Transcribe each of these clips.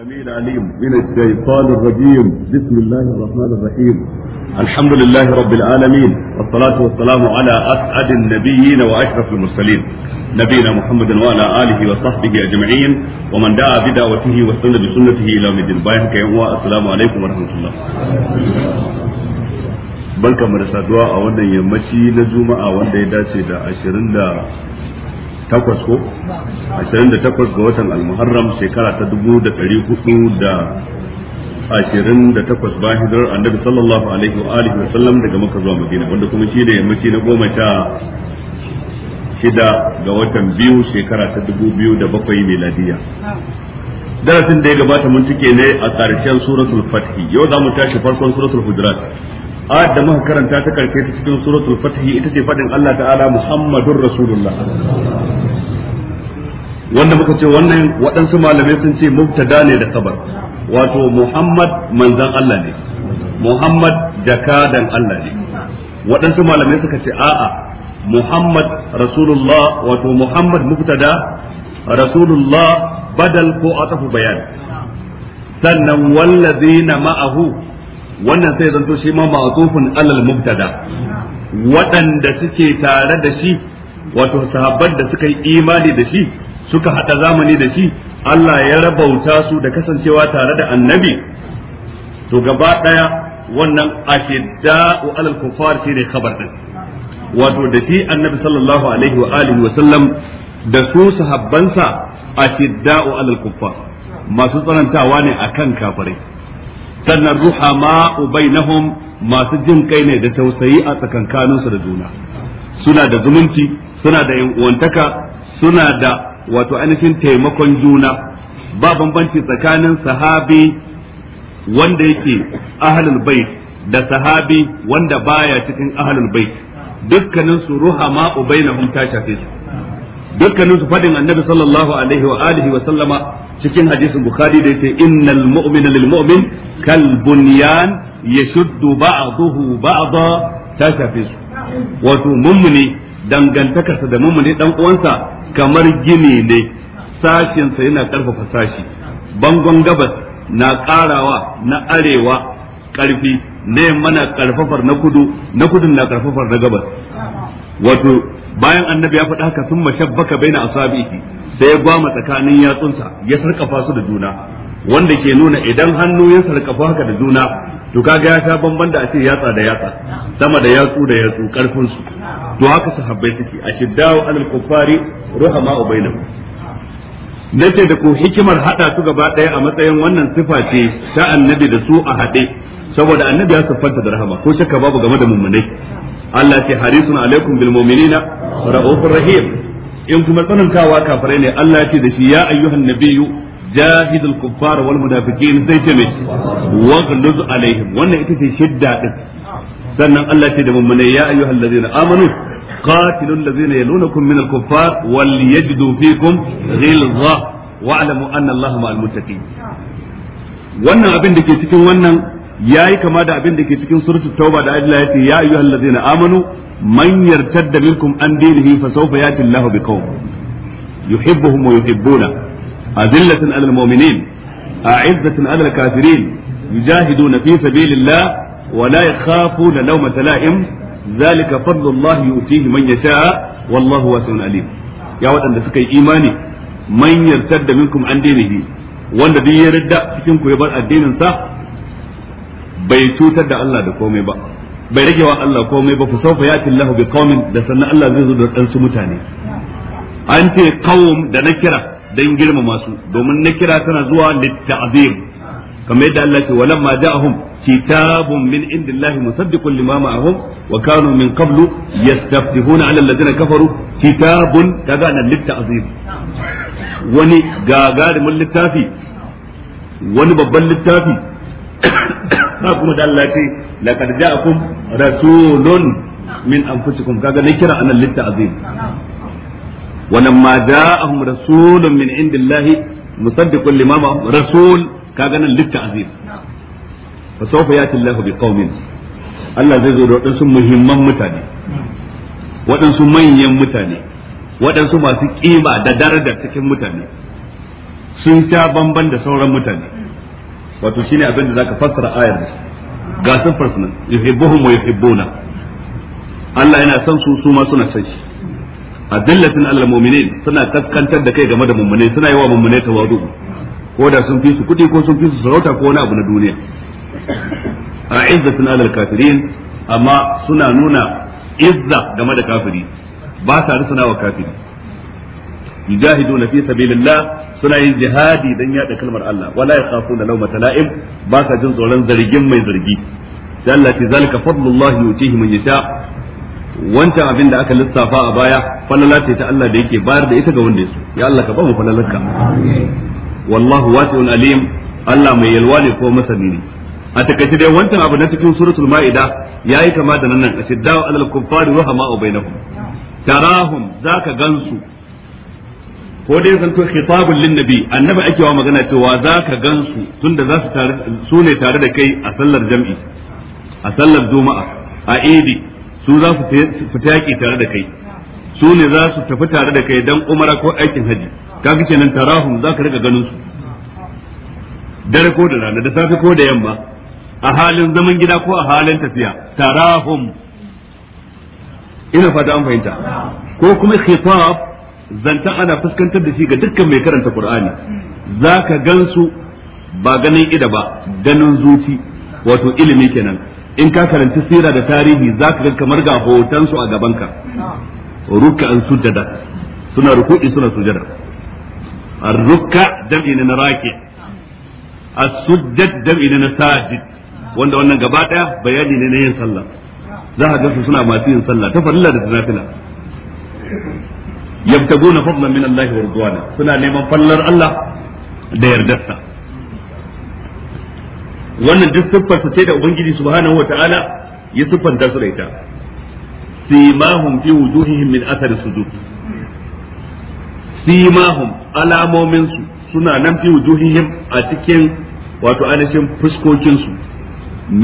السميع العليم من الشيطان الرجيم بسم الله الرحمن الرحيم الحمد لله رب العالمين والصلاة والسلام على أسعد النبيين وأشرف المرسلين نبينا محمد وعلى آله وصحبه أجمعين ومن دعا بدعوته واستنى بسنته إلى مد الباهك السلام عليكم ورحمة الله barka mu da saduwa a wannan yammaci na juma'a wanda ya dace da 20 da takwas ko ashirin da takwas ga watan almuharram shekara ta dubu da ɗari hudu da ashirin da takwas ba hijirar annabi sallallahu alaihi wa alihi wa sallam daga maka zuwa madina wanda kuma shi ne yammaci na goma sha shida ga watan biyu shekara ta dubu biyu da bakwai miladiya darasin da ya gabata mun cike ne a ƙarshen suratul fathi yau za mu tashi farkon suratul hujurat ayat da muka karanta ta karshe ta cikin suratul fath ita ce fadin Allah ta'ala Muhammadur Rasulullah wanda muka ce wannan waɗansu malamai sun ce mubtada ne da kabar wato Muhammad manzan Allah ne Muhammad jakadan Allah ne waɗansu malamai suka ce a'a Muhammad Rasulullah wato Muhammad mubtada Rasulullah badal ko atafu bayan sannan wallazina ma'ahu wannan sai zanto shi ma ma'tufun alal mubtada waɗanda suke tare da shi wato sahabban da suka yi imani da shi suka hada zamani da shi Allah ya rabauta su da kasancewa tare da annabi to gaba daya wannan ashidda'u alal kufar shine khabar din wato da shi annabi sallallahu alaihi wa alihi wa sallam da su sahabbansa ashidda'u alal kufar masu tsanantawa ne akan kafirai sannan ruhama bainahum masu jin kai ne da tausayi a tsakankanin da juna suna da zumunci suna da uwantaka suna da wato ainihin taimakon juna ba bambanci tsakanin sahabi wanda yake ahlul bait da sahabi wanda baya cikin ahlul bait dukkanin su ruhama bainahum ta shafe su dukkanin su fadin annabi sallallahu alaihi wa alihi wa sallama cikin hadisin bukhari da yake innal mu'mina lil mu'min kalbunyan yashuddu ba'dahu ba'da tashafis wato mummuni dangantakarsa da mummuni dan uwansa kamar gini ne sashinsa yana karfafa sashi bangon gabas na karawa na arewa karfi na yamma na karfafar na kudu na kudun na karfafar na gabas wato bayan annabi ya faɗi haka sun mashabbaka bai na asabihi sai ya gwama tsakanin yatsunsa ya sarkafa su da juna wanda ke nuna idan hannu ya sarkafa haka da juna to kaga ya sha bamban da a yatsa da yatsa sama da yatsu da yatsu karfin su to haka sahabbai suke a shiddawo alal kuffari ruhama ubaina nace da ku hikimar hada su gaba daya a matsayin wannan sifa ce ta annabi da su a hade saboda annabi ya siffanta da rahama ko shakka babu game da mummunai Allah ce harisun alaikum bil mu'minina ra'ufur rahim in kuma tsanantawa kafirai ne Allah ya ce da shi ya ayyuhan nabiyyu jahidul kuffar wal munafiqin sai ce mai waghluz alaihim wannan ita ce shidda din sannan Allah ce da mummune ya ayyuhal ladzina amanu qatilul ladzina yalunakum min al kuffar wal yajidu fikum ghilza wa'lamu anna Allah ma'al muttaqin wannan abin da ke cikin wannan yayi kama da abin da ke cikin suratul tauba da Allah ya ce ya ayyuhal ladzina amanu man an dinihi fa sawfa yuhibbuna A azillatin alal a a'izzatin alal kafirin yujahiduna fi sabilillah wa la yakhafuna zalika fadlullahi yu'tihi man yasha wallahu wasi'un alim ya waɗanda suka yi imani man yartadda minkum an dinihi wanda duk ya radda cikin ku ya bar addinin sa bai cutar da Allah da komai ba bai rage wa Allah komai ba fa sawfa yati Allahu bi da sannan Allah zai zo da dan mutane an ce qaum da nakira dan girmama su domin na kira tana zuwa litta'zim kamar yadda Allah ce walamma ja'ahum kitabun min indillahi musaddiqun lima ma'ahum wa kanu min qablu 'ala alladhina kafaru kitabun kaga nan litta'zim wani gagarumin littafi wani babban littafi ha kuma da Allah ce laqad ja'akum rasulun min anfusikum kaga na kira anan litta'zim ولما جاءهم رسول من عند الله مصدق لما رسول كاغنا للتعذيب فسوف ياتي الله بقوم Allah zai zo da waɗansu muhimman mutane waɗansu manyan mutane waɗansu masu ƙima da daraja cikin mutane sun sha bamban da sauran mutane wato shine abin da zaka fassara ayar da ga sun farsuna yuhibbuhum wa yuhibbuna Allah yana son su su suna son adillatin alal mu'minin suna kaskantar da kai game da mummunai suna yi wa mummunai tawadu ko da sun fi su kudi ko sun fi su sarauta ko wani abu na duniya a izzatin alal kafirin amma suna nuna izza game da kafiri ba sa rusuna wa kafiri yujahiduna fi sabilillah suna yin jihadi dan yada kalmar Allah wala yakhafuna lawmata la'im ba sa jin tsoron zargin mai zargi dalla fi zalika fadlullahi yutihi man yasha wancan abin da aka lissafa a baya falala ce ta Allah da yake bayar da ita ga wanda ya so ya Allah ka ba mu falalarka wallahu wasi'un alim Allah mai yalwa ne ko masani ne a takaice dai wancan abu na cikin suratul ma'ida yayi kama da nan nan ashidda'u alal kuffari rahama'u bainahum tarahum zaka gansu ko dai zanto khitabun lin nabi annabi ake wa magana cewa zaka gansu tunda za su tare su ne tare da kai a sallar jam'i a sallar juma'a a idi su za su fita yaƙi tare da kai su ne za su tafi tare da kai dan umara ko aikin haji kaga kenan tarahum za ka riga ganin su dare ko da rana da safe ko da yamma a halin zaman gida ko a halin tafiya tarahum ina fata an fahimta ko kuma khitab zanta ana fuskantar da shi ga dukkan mai karanta qur'ani za ka gansu ba ganin ida ba ganin zuci wato ilimi kenan in ka karanta sira da tarihi za ka ga kamar ga hotonsu a gabanka rukka an sujada suna ruku'i suna sujada ar-rukka jam'i ne na raki as-sujjad jam'i ne na sajid wanda wannan gaba daya bayani ne na yin sallah za ka gansu suna masu yin sallah ta farilla da nafila yabtaguna fadlan min Allah wa ridwana suna neman fallar Allah da yardarsa wannan duk siffarsa sai da ubangiji subhanahu wataala ya siffanta su da ita simahum fi wujuhihim min athar sujud simahum alamomin su suna nan fi wujuhihim a cikin wato ainihin fuskokin su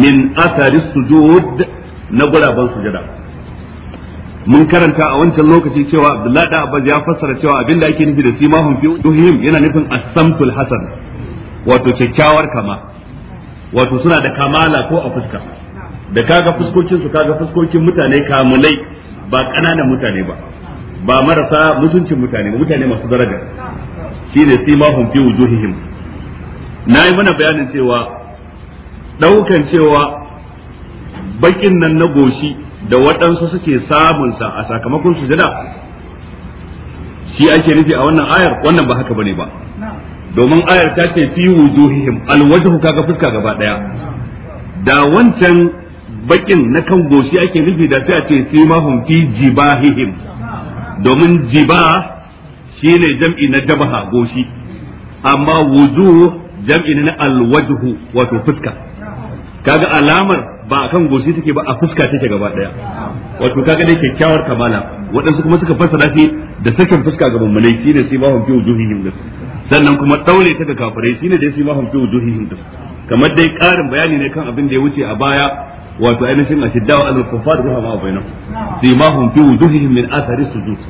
min athar sujud na guraben sujada mun karanta a wancan lokaci cewa Abdullahi da Abbas ya fassara cewa abinda ake nufi da simahum fi wujuhihim yana nufin as-samtul hasan wato kyakkyawar kama wato suna da kamala ko a fuska da kaga fuskokin su kaga fuskokin mutane kamulai ba ƙananan mutane ba ba marasa mutuncin mutane ba mutane masu daraja shine simahum fi wujuhihim nayi mana bayanin cewa daukan cewa bakin nan na goshi da waɗansu suke samunsa a sakamakon sujada shi ake nufi a wannan ayar wannan ba haka bane ba domin ayar ta ce fi wujuhihim alwajhu kaga fuska gaba daya da wancan bakin na kan goshi ake nufi da sai a ce fi mahum fi jibahihim domin jiba shine jam'i na dabaha goshi amma wujuh jam'i na alwajhu wato fuska kaga alamar ba a kan goshi take ba a fuska take gaba daya wato kaga dai kyakkyawar kamala waɗansu kuma suka fassara shi da sakin fuska ga mummunai shine sai mahum fi wujuhihim sannan kuma daure ta ga kafirai shine da yasi mahum fi wujuhihim kamar dai karin bayani ne kan abin da ya wuce a baya wato ainihin a wa al-kuffar wa ma bainahum simahum fi wujuhihim min athari sujud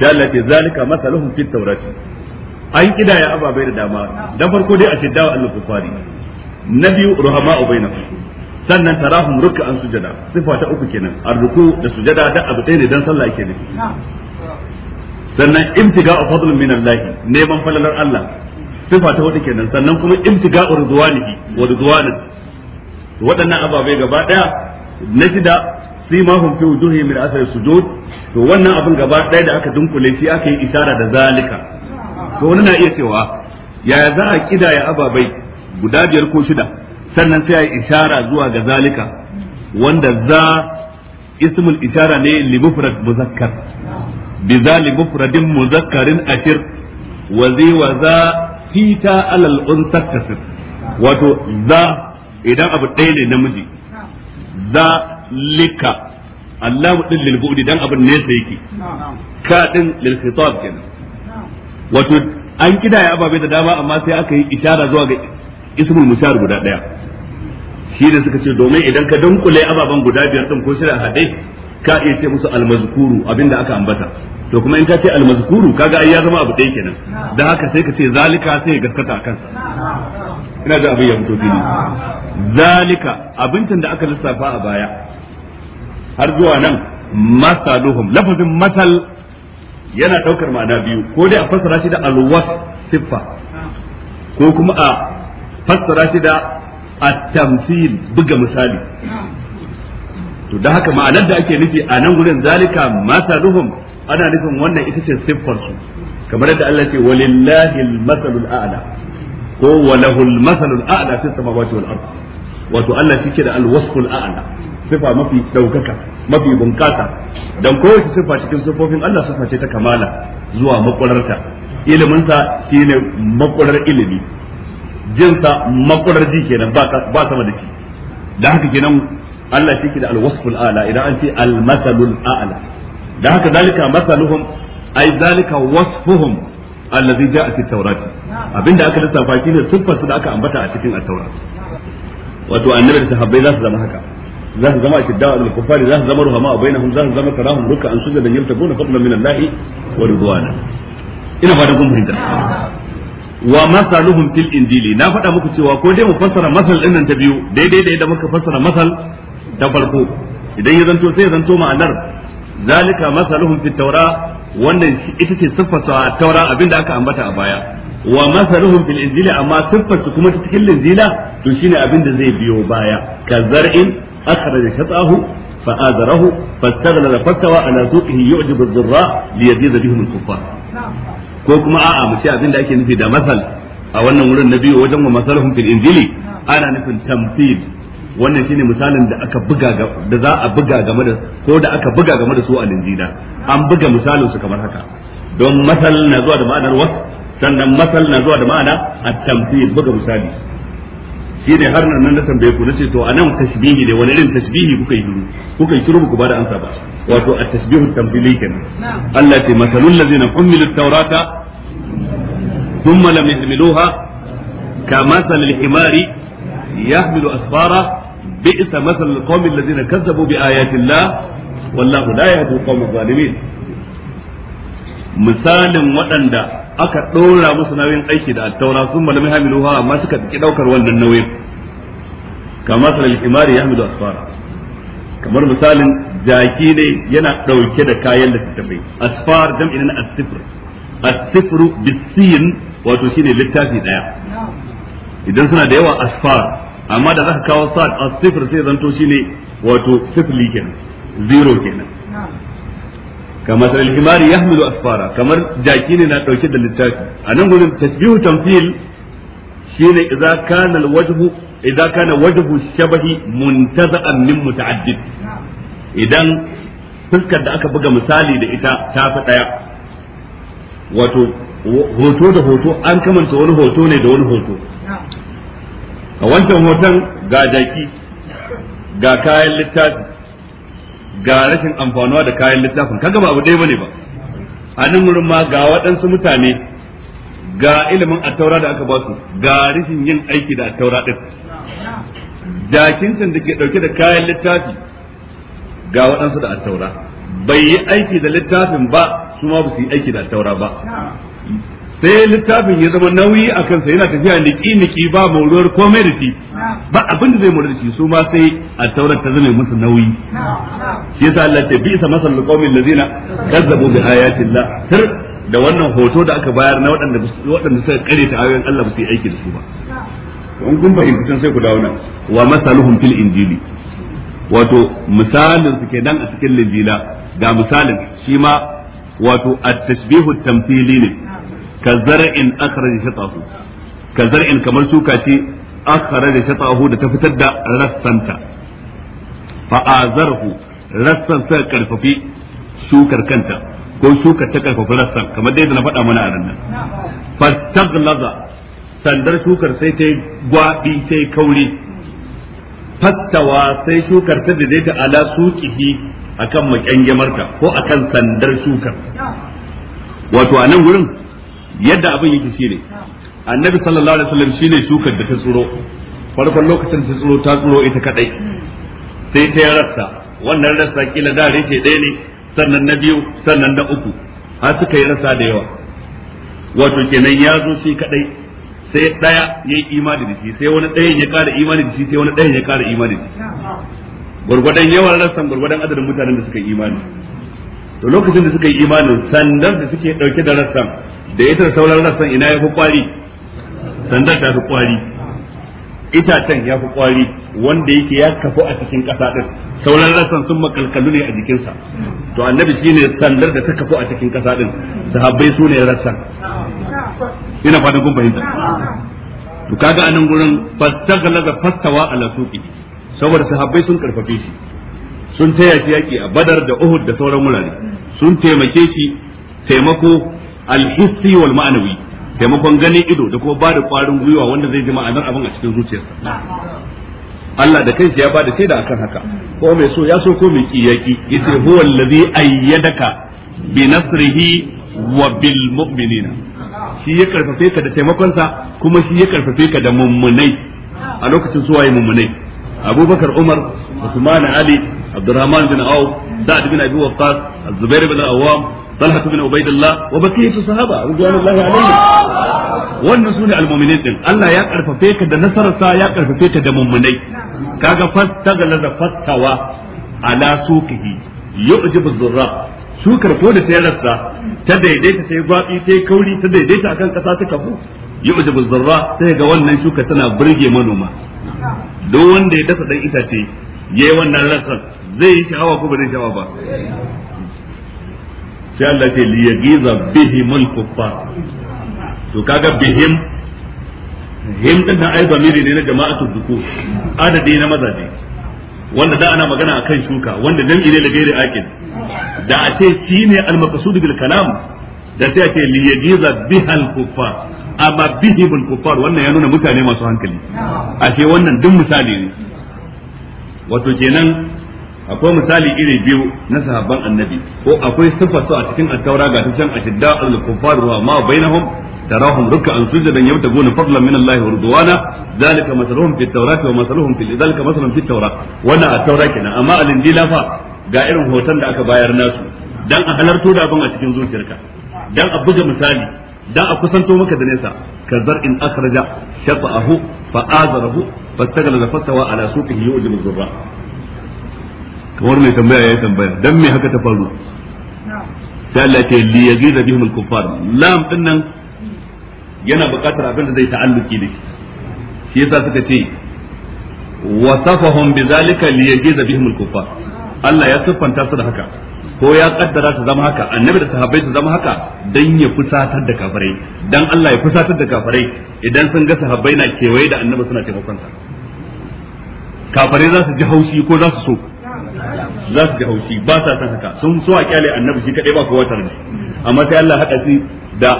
da Allah ke zalika masaluhum fi tawrati an kidaya ababai da dama da farko dai a wa al-kuffar na biyu ruhama bainahum sannan tarahum ruk'an sujada sifa ta uku kenan ar-ruku da sujada da abu ɗaya ne dan sallah yake nufi sannan imtiga fadlun min Allah neman falalar Allah sifa ta hudu kenan sannan kuma imtiga ridwanihi wa ridwanin waɗannan ababai gaba ɗaya na shida simahum fi wujuhihim min su sujud to wannan abin gaba ɗaya da aka dunkule shi aka yi isara da zalika to wani na iya cewa yaya za a kidaya ababai guda biyar ko shida sannan sai a yi isara zuwa ga zalika wanda za ismul isara ne Limufrat muzakkar bizali mufradin muzakkarin ashir wa zai wa za fita alal unsa kasir wato za idan abu ɗaya ne namiji za lika allahu din lil bu'di dan ne nesa yake ka din lil khitab kenan wato an kidaya ababe da dama amma sai aka yi ishara zuwa ga ismul mushar guda daya shi da suka ce domin idan ka dunkule ababen guda biyar din ko shida hadai ka iya ce musu almazkuru abinda aka ambata to kuma in ka ce almazkuru kaga ai ya zama abu ɗaya kenan da haka sai ka ce zalika sai ya gaskata a kansa ina da abin ya fito fili zalika abincin da aka lissafa a baya har zuwa nan masaluhum lafazin masal yana daukar ma'ana biyu ko dai a fassara shi da alwas siffa ko kuma a fassara shi da at-tamthil buga misali to da haka ma'anar da ake nufi a nan gurin zalika masaluhum ana nufin wannan ita ce siffar su kamar yadda Allah ce walillahi al-masalul a'la ko walahul masalul a'la fi samawati wal ard wato Allah shi da al a'la sifa mafi daukaka mafi bunkasa dan kowace sifa cikin sifofin Allah sifa ce ta kamala zuwa makwararta ilimin sa shine makwarar ilimi jinsa makwarar ji kenan ba ba sama da shi da haka kenan Allah shi ke da alwasful ala idan an ce almasalul a'la da haka zalika masaluhum ai zalika wasfuhum allazi ja'a fi tawrat abinda aka lissafa shine siffar su da aka ambata a cikin at-taura wato annabi da sahabbai za su zama haka za su zama ashidda al-kufari za su zama ruhama bainahum za su zama karahum ruk'an sujadan yaltabuna fadlan min Allah wa ridwana ina ba da gumbin da wa masaluhum fil injili na faɗa muku cewa ko dai mu fassara masal ɗin nan ta biyu daidai da yadda muka fassara masal ta farko idan ya zanto sai ya zanto ma'anar zalika masaluhum fit tawra wannan ita ce siffar a taura abinda aka ambata a baya wa masaluhum fil injili amma siffar kuma ta cikin Linzila to shine abinda zai biyo baya ka zar'in akhraja shatahu fa azarahu fastaghlala fastawa ala suqihi yu'jibu adh-dhurra liyadiza bihim al-kuffar ko kuma a'a mu ce abinda ake nufi da masal a wannan wurin na biyo wajen wa masaluhum fil injili ana nufin tamthil wannan shine misalin da aka buga da za a buga game da ko da aka buga game da su a linjila an buga misalin su kamar haka don masal na zuwa da ma'anar was sannan masal na zuwa da ma'ana at-tamthil buga misali shine har nan na tambaye ku nace to anan tasbihi ne wani irin tasbihi kuka yi shiru kuka yi shiru ku ba da amsa ba wato at-tasbihu at-tamthili kenan Allah ta masalul ladzina ummilu at-taurata thumma lam yahmiluha كمثل الحمار يحمل أسفاره بئس مثل القوم الذين كذبوا بآيات الله والله لا يهدي القوم الظالمين مثال ودندا aka ɗora musu nauyin aiki da attaura sun malami hamiluha amma suka ki ɗaukar wannan nauyin kamar salal imari ya hamilu asfara kamar misalin jaki ne yana ɗauke da kayan da littattafai asfar jam'i na asifir asifru bisiyin wato shine littafi ɗaya idan suna da yawa asfar amma da zaka kawo sad a sifr sai zanto shine wato sifili kenan zero kenan kamar al-himari yahmilu asfara kamar jaki ne na dauke da littafi anan gurin tasbihu tamthil shine idza kana al-wajhu idza kana wajhu shabahi muntaza'an min muta'addid idan fuskar da aka buga misali da ita ta fi daya wato hoto da hoto an kamanta wani hoto ne da wani hoto a wancan hoton ga jaki ga kayan littafi ga rashin amfanuwa da kayan littafin kaga ba abu ɗaya bane ba a nan wurin ma ga waɗansu mutane ga ilimin attaura da aka ba su ga rashin yin aiki da attaura ɗin jakin can da ke ɗauke da kayan littafi ga waɗansu da attaura bai yi aiki da littafin ba su ma ba su yi aiki da attaura ba sai littafin ya zama nauyi a kansa yana tafiya niki niki ba mauruwar komai da shi ba abin da zai maurar da shi su ma sai a taurar ta zama musu nauyi shi yasa Allah ta sa masal liqaumin ladina kazzabu bi ayatillah tar da wannan hoto da aka bayar na waɗanda waɗanda suka kare ta ayoyin Allah ba su yi aiki da su ba in kun fahimci sai ku dawo nan wa masaluhum fil injili wato misalin su kenan a cikin linjila ga misalin shi ma wato at-tashbihu tamthili ne ka zar'in akhraja shatahu ka zara'in kamar shuka ce akhraja shatahu da ta fitar da rassanta fa azarhu rassan sa karfafi shukar kanta ko shukar ta karfafi rassan kamar dai da na faɗa mana a nan fastaghlaza sandar shukar sai ta gwafi sai kauri fattawa sai shukar ta daidaita ala suqihi akan makyangemarta ko akan sandar shukar wato a nan gurin yadda abin yake shine annabi sallallahu alaihi wasallam shine shukar da ta tsuro farkon lokacin ta tsuro ta tsuro ita kadai sai ta rassa wannan rassa kila da rike ɗaya ne sannan na biyu sannan na uku har suka yi rassa da yawa wato kenan ya zo shi kadai sai ɗaya ya yi imani da shi sai wani ɗayan ya ƙara imani da shi sai wani ɗayan ya ƙara imani da shi gurgurdan yawan rassan gurgurdan adadin mutanen da suka yi imani to lokacin da suka yi imanin sandan da suke ɗauke da rassan da ya san sauran rassan ina ya fi kwari sandar ta fi kwari itacen ya fi kwari wanda yake ya kafu a cikin ƙasa ɗin sauran rassan sun makalkalu ne a jikinsa to annabi shine sandar da ta kafu a cikin ƙasa ɗin sahabbai su ne rassan ina fatan kun fahimta to kaga anan gurin da fastawa ala suqi saboda sahabbai sun karfafe shi sun taya shi yaki a badar da uhud da sauran wurare sun taimake shi taimako alhissi wal ma'anawi taimakon ganin ido da kuma da kwarin gwiwa wanda zai ji ma'anar abin a cikin zuciyarsa Allah da kansa ya bada shaida akan haka ko mai so ya so ko mai kiyaki yaki yace huwa allazi ayyadaka bi nasrihi wa bil mu'minina shi ya karfafe ka da taimakon sa kuma shi ya karfafe ka da mummunai a lokacin suwaye mummunai abubakar umar usman ali abdurrahman bin auf sa'ad bin abi waqqas az-zubair bin awam talha bin ubaidillah wa bakiyatu sahaba radiyallahu anhu wannan sune almu'minin din Allah ya karfafe ka da nasararsa ya karfafe ka da mummunai kaga fastagalaza fattawa ala suqihi yu'jibu zurra shukar ko da tayarsa ta daidaita sai gwabi sai kauri ta daidaita akan ƙasa ta kafu yu'jibu zurra sai ga wannan shuka tana birge manoma duk wanda ya dasa dan itace yayi wannan rasar zai yi sha'awa ko ba zai sha'awa ba sai Allah ce li yagiza bihimul kuffar to kaga bihim him din nan ai zamiri ne na jama'atu duku adadi na mazaje wanda da ana magana akan shuka wanda jam'i ne da gairi akin da a ce shine al-maqsud bil kalam da sai ce li bihal kuffar amma bihimul kuffar wannan ya nuna mutane masu hankali a ce wannan duk misali ne wato kenan akwai misali iri biyu na sahabban annabi ko akwai sifar su a cikin attaura ga ta can ashidda al-kuffar wa ma bainahum tarahum ruk'an sujadan yabtaguna fadlan min Allah wa ridwana zalika masaluhum fit tawrati wa masaluhum fil zalika masaluhum fit tawra wannan attaura kenan amma al-indila fa ga irin hoton da aka bayar nasu dan a halarto da abin a cikin zuciyarka dan a buga misali dan a kusanto maka da nesa kazar in akhraja shata'ahu fa azarahu fastagala fastawa ala suqihi yujibu zurra kamar mai tambaya ya tambaya dan me haka ta faru sai Allah ce li yaziza bihim al-kuffar lam din nan yana buƙatar abin da zai ta'alluki da shi shi yasa suka ce wasafahum bizalika li yaziza bihim al-kuffar Allah ya siffanta su da haka ko ya kaddara su zama haka annabi da sahabbai su zama haka dan ya fusatar da kafirai dan Allah ya fusatar da kafirai idan sun ga sahabbai na kewaye da annabi suna taimakon sa kafirai za su ji haushi ko za su so za su ji haushi ba sa san haka sun so a kyale annabi shi kadai ba kowa tare da amma sai Allah hada shi da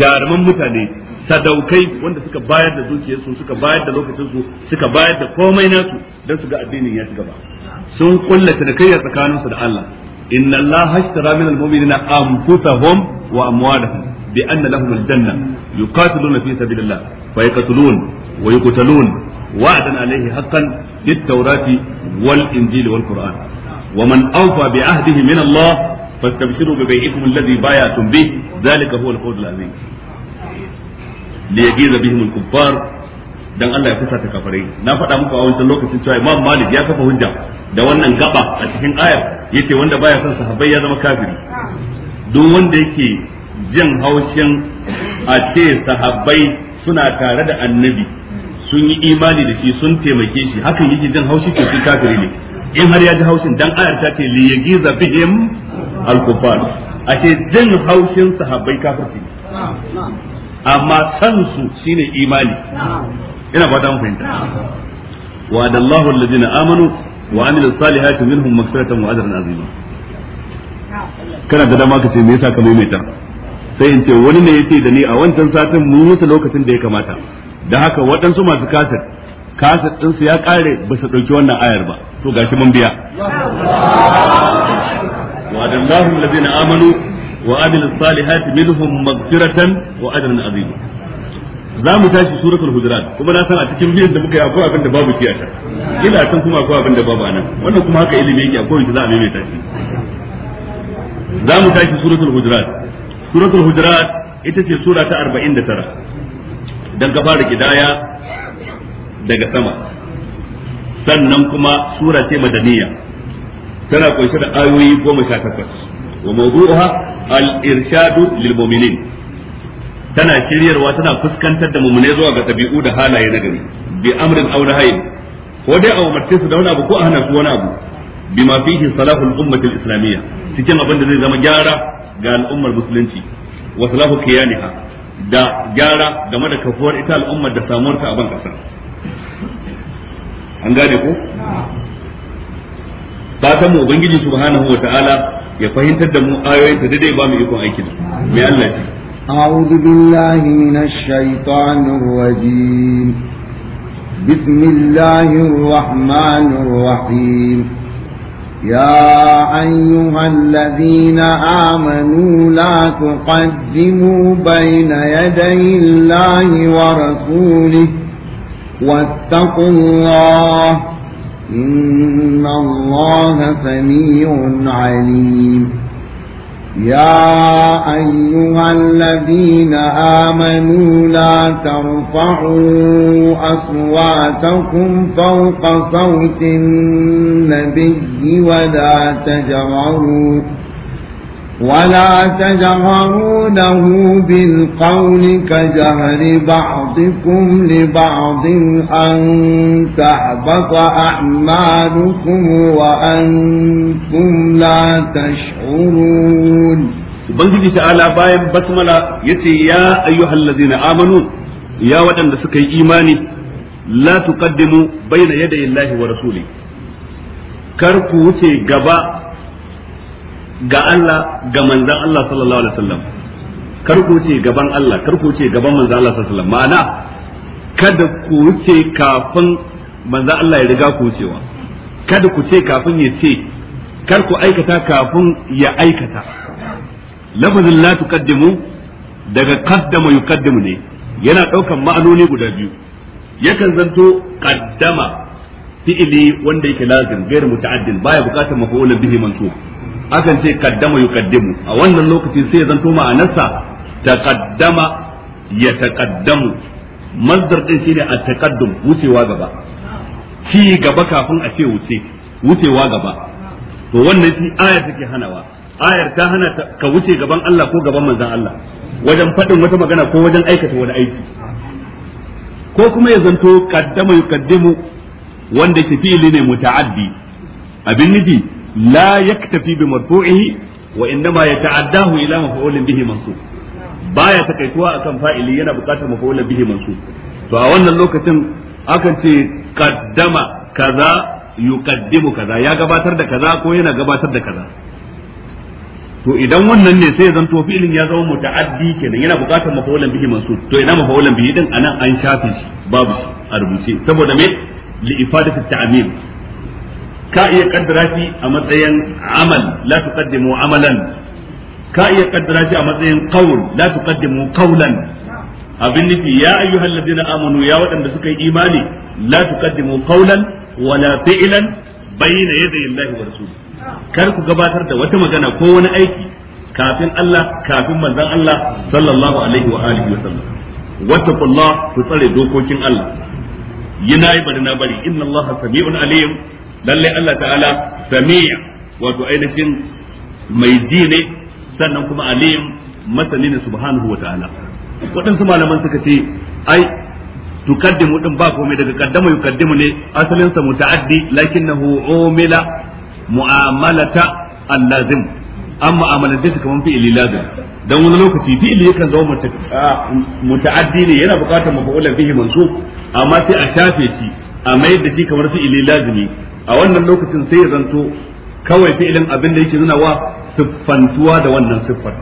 jaruman mutane sadaukai wanda suka bayar da dukiyarsu suka bayar da lokacinsu suka bayar da komai nasu don su ga addinin ya ci gaba sun kulla cinikayya tsakaninsu da Allah inna Allah hashtara min almu'minina anfusahum wa amwalahum bi anna lahum aljanna yuqatiluna fi sabilillah fa yaqtulun wa yuqtalun wa'dan alayhi haqqan bit-taurati wal injili wal qur'an ومن أوفى بعهده من الله فاستبشروا ببيعكم الذي بايعتم به ذلك هو الفوز العظيم ليجيز بهم الكفار dan Allah ya fusata kafirai na faɗa muku a wancan lokacin cewa Imam Malik ya kafa hujja da wannan gaba a cikin ayar yace wanda baya son sahabbai ya zama kafiri duk wanda yake jin haushin a ce sahabbai suna tare da annabi sun yi imani da shi sun taimake shi hakan yake jin haushi to kafiri ne in har ya ji haushin dan ayar ta ce li bihim ake jin haushin sahabbai kafirci amma san su shine imani ina fata mun fahimta wa adallahu alladhina amanu wa amilu salihati minhum maghfiratan wa ajran azima kana da dama ka ce me yasa ka maimaita sai in ce wani ne yace da ni a wancan satin mun wuce lokacin da ya kamata da haka waɗansu masu kaset kaset ɗinsu ya ƙare ba su ɗauki wannan ayar ba to gashi mun biya wa adallahu alladhina amanu wa amilu salihati minhum maghfiratan wa ajran azim za mu tashi suratul hujurat kuma na san a cikin biyan da muka yi akwai abin da babu can ila san kuma akwai abin da babu anan wannan kuma haka ilimi yake akwai wanda za a maimaita shi za mu tashi suratul hujurat suratul hujurat ita ce sura ta 49 dan gaba da kidaya daga sama sannan kuma sura ce madaniya tana kunshe da ayoyi goma sha takwas wa mawdu'uha al-irshadu lil mu'minin tana shiryarwa tana fuskantar da mu'mine zuwa ga tabi'u da halaye na gari bi amrin aw nahyin ko dai a umarce su da wani abu ko a hana su wani abu bima fihi salahul ummati islamiyya cikin abin da zai zama gyara ga al'ummar musulunci wa salahu qiyaniha da gyara game da kafuwar ita al'ummar da samuwar a ban kasa an gane ko fatan mu ubangiji subhanahu wataala ya fahimtar da mu ayoyin ta daidai ba mu ikon aiki da me Allah ce أعوذ بالله من الشيطان الرجيم بسم الله الرحمن الرحيم يا أيها الذين آمنوا لا تقدموا بين يدي الله ورسوله واتقوا الله إن الله سميع عليم يا أيها الذين آمنوا لا ترفعوا أصواتكم فوق صوت النبي ولا تجروا ولا تجهروا له بالقول كجهر بعضكم لبعض أن تحبط أعمالكم وأنتم لا تشعرون Ubangiji ta'ala bayan basmala ya ce ya ayyuhal ladzina amanu ya waɗanda suka yi imani latu tuqaddimu bayna yadayi Allahi wa rasuli kar ku wuce gaba ga Allah ga manzan Allah sallallahu alaihi wasallam kar ku ce gaban Allah kar ku ce gaban manzan Allah sallallahu alaihi wasallam ma'ana kada ku wuce kafin manzan Allah ya riga ku wucewa kada ku ce kafin ya ce kar ku aikata kafin ya aikata lafazin la tuqaddimu daga qaddama yuqaddimu ne yana daukan ma'anoni guda biyu yakan zanto qaddama fi'ili wanda yake lazim gairu muta'addin baya bukatar maf'ulun bihi mansub akan ce kaddama kaddimu a wannan lokaci sai ya zanto ma'anarsa taqaddama ya taqaddamu mazdar din shine a taqaddum wucewa gaba ci gaba kafin a ce wuce wucewa gaba to wannan shi aya take hanawa ayar ta hana ka wuce gaban Allah ko gaban manzon Allah wajen faɗin wata magana ko wajen aikata wani aiki ko kuma ya zanto kaddama kaddimu wanda ke fi'ili ne muta'addi abin nufi la yaktafi bi marfu'ihi wa innama yata'addahu ila maf'ulin bihi mansub baya takaituwa akan fa'ili yana buƙatar maf'ulin bihi mansub to a wannan lokacin akan ce kaddama kaza yuqaddimu kaza ya gabatar da kaza ko yana gabatar da kaza to idan wannan ne sai zanto fi'ilin ya zama ta'addi kenan yana buƙatar mafaulan bihi mansub to ina mafaulan bihi din anan an shafe shi babu a rubuce saboda me li ifadati ta'mim ka iya kaddara shi a matsayin amal la tuqaddimu amalan ka iya kaddara shi a matsayin qaul la tuqaddimu qawlan abin nufi ya ayyuhal ladina amanu ya waɗanda suka yi imani la tuqaddimu qawlan wala fi'lan bayna yaday Allah wa rasuluhu kar ku gabatar da wata magana ko wani aiki kafin Allah kafin manzon Allah sallallahu alaihi wa alihi wa sallam wattaqullah ku tsare dokokin Allah yana yi bari na bari inna Allaha sami'un alim Lallai Allah ta'ala sami'a wato ainihin mai ji ne sannan kuma alim masani ne subhanahu wa ta'ala waɗansu malaman suka ce ai tukaddimu din ba komai daga kaddama yukaddimu ne asalin sa muta'addi lakinnahu umila mu'amalata allazim amma amalance shi kaman fi'ili lazim dan wani lokaci fi'ili yakan zama muta'addi ne yana buƙatar mafa'ulan bihi mansub amma sai a shafe shi a mayar da shi kamar fi'ili lazimi a wannan lokacin sai ya zanto kawai fi'ilin abin da yake nuna wa siffantuwa da wannan siffar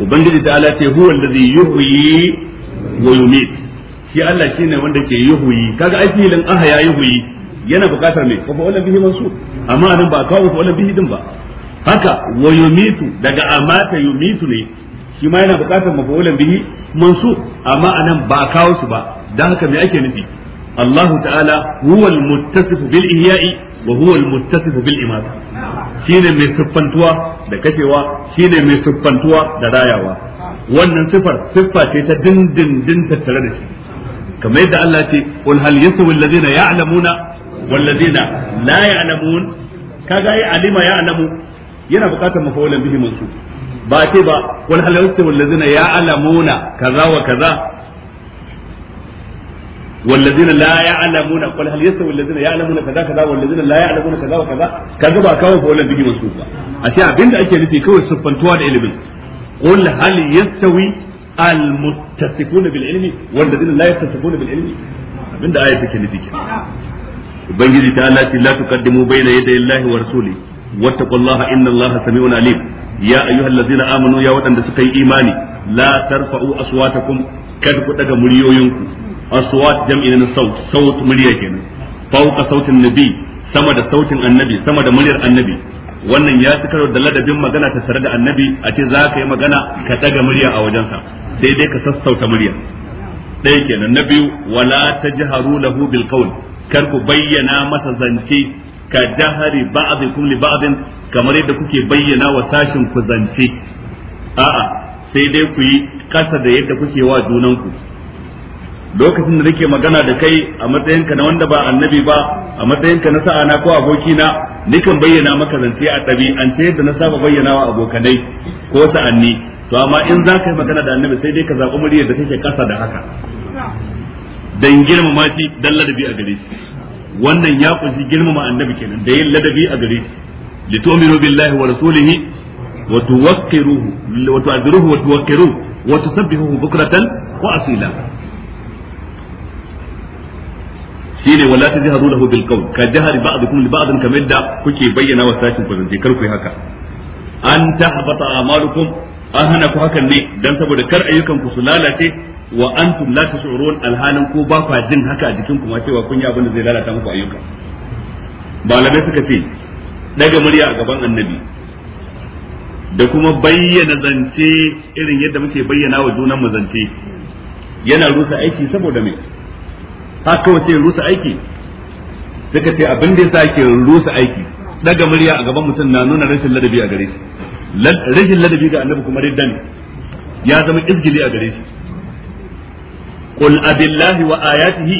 ubangiji ta ala ce huwa allazi yuhyi wa yumit shi Allah shine wanda ke yuhyi kaga ai fi'ilin ahya yuhyi yana bukatar me fa wala bihi masu amma anan ba kawo fa wala bihi din ba haka wa yumitu daga amata yumitu ne shi ma yana bukatar mafa'ulan bihi masu amma anan ba kawo su ba dan haka me ake nufi Allahu ta'ala huwal muttasif bil ihya'i wa huwal muttasif bil imata shine mai siffantuwa da kashewa shine mai siffantuwa da rayawa wannan sifar siffa ce ta dindindin tattare da shi kamar yadda Allah ce qul hal yasawi alladhina ya'lamuna wal ladina la ya'lamun kaga ai alima ya'lamu yana bukatar mafaulan bihi ba ce ba wal kaza wa kaza والذين لا يعلمون قل هل يستوي الذين يعلمون كذا كذا والذين لا يعلمون كذا وكذا كذا ba kawo fa wannan bigi masu ba a ce ake nufi kawai siffantuwa da ilimin qul hal yastawi al muttasifun bil ilmi wal ladina la yattasifun bil ilmi abinda ayat take nufi ke ubangiji ta Allah la tuqaddimu bayna yaday Allah wa rasuli wattaqullaha inna Allah samiun alim ya ayyuhal ladina amanu ya waɗanda suka yi imani la tarfa'u aswatakum kada ku muryoyinku aswat jam'i min saut saut murya kenan fauka sautin nabi sama da sautin annabi sama da muryar annabi wannan ya ci karo da ladabin magana ta tare da annabi a ce za ka yi magana ka daga murya a wajensa daidai ka sassauta murya ɗaya kenan na biyu wala tajharu lahu bil qawl kar ku bayyana masa zance ka jahari ba'dikum li ba'din kamar yadda kuke bayyana wa sashin ku zance a'a sai dai ku yi kasa da yadda kuke wa junanku lokacin da nake magana da kai a matsayinka na wanda ba annabi ba a matsayinka na sa'ana ko abokina nikan bayyana maka zance a ce yadda na saba bayyana wa abokanai ko sa'anni to amma in za ka yi magana da annabi sai dai ka zaɓi muryar da take ƙasa da haka dan girmama shi dan ladabi a gare shi wannan ya kunshi girmama annabi kenan da yin ladabi a gare shi tu'minu billahi wa rasulihi wa tuwaqqiruhu wa tu'adiruhu wa tuwaqqiruhu wa tusabbihuhu bukratan wa asila shine wala tajharu lahu bil qawl ka jahari ba'dukum li ba'din kamar da kuke bayyana wa sashin ku kar ku yi haka an tahbata amalukum an hana ku hakan ne dan saboda kar ayyukan ku su lalace wa antum la tash'urun alhalan ko ba ku jin haka a jikin ku ma cewa kun yi abin da zai lalata muku ayyuka malamai suka ce daga murya a gaban annabi da kuma bayyana zance irin yadda muke bayyana wa junan mu zance yana rusa aiki saboda mai haka kawai sai rusa aiki suka ce abin da yasa ke rusa aiki daga murya a gaban mutum na nuna rashin ladabi a gare shi rashin ladabi ga annabi kuma ridda ne ya zama izgili a gare shi qul abillahi wa ayatihi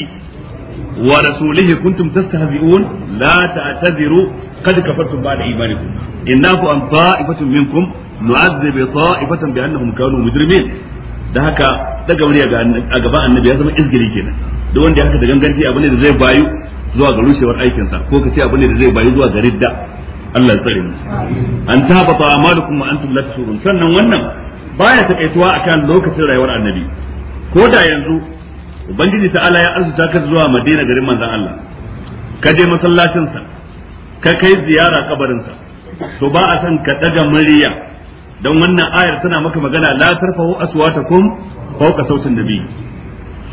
wa rasulihi kuntum tastahzi'un la ta'tadiru qad kafartum ba'da imanikum innahu an ta'ifatun minkum nu'adhibu ta'ifatan bi annahum kanu mujrimin da haka daga wuri a gaba annabi ya zama izgiri kenan duk wanda ya haka da ganganci abin da zai bayu zuwa ga rushewar aikinsa ko ka ce abin da zai bayu zuwa ga ridda Allah ya tsare mu an tabata amalukum wa antum la tusurun sannan wannan baya takaituwa akan lokacin rayuwar annabi ko da yanzu ubangiji ta'ala ya arzuta ka zuwa madina garin manzon Allah ka je masallacin sa ka kai ziyara kabarin sa to ba a san ka daga murya don wannan ayar tana maka magana la tarfahu aswatakum fawqa sautin nabi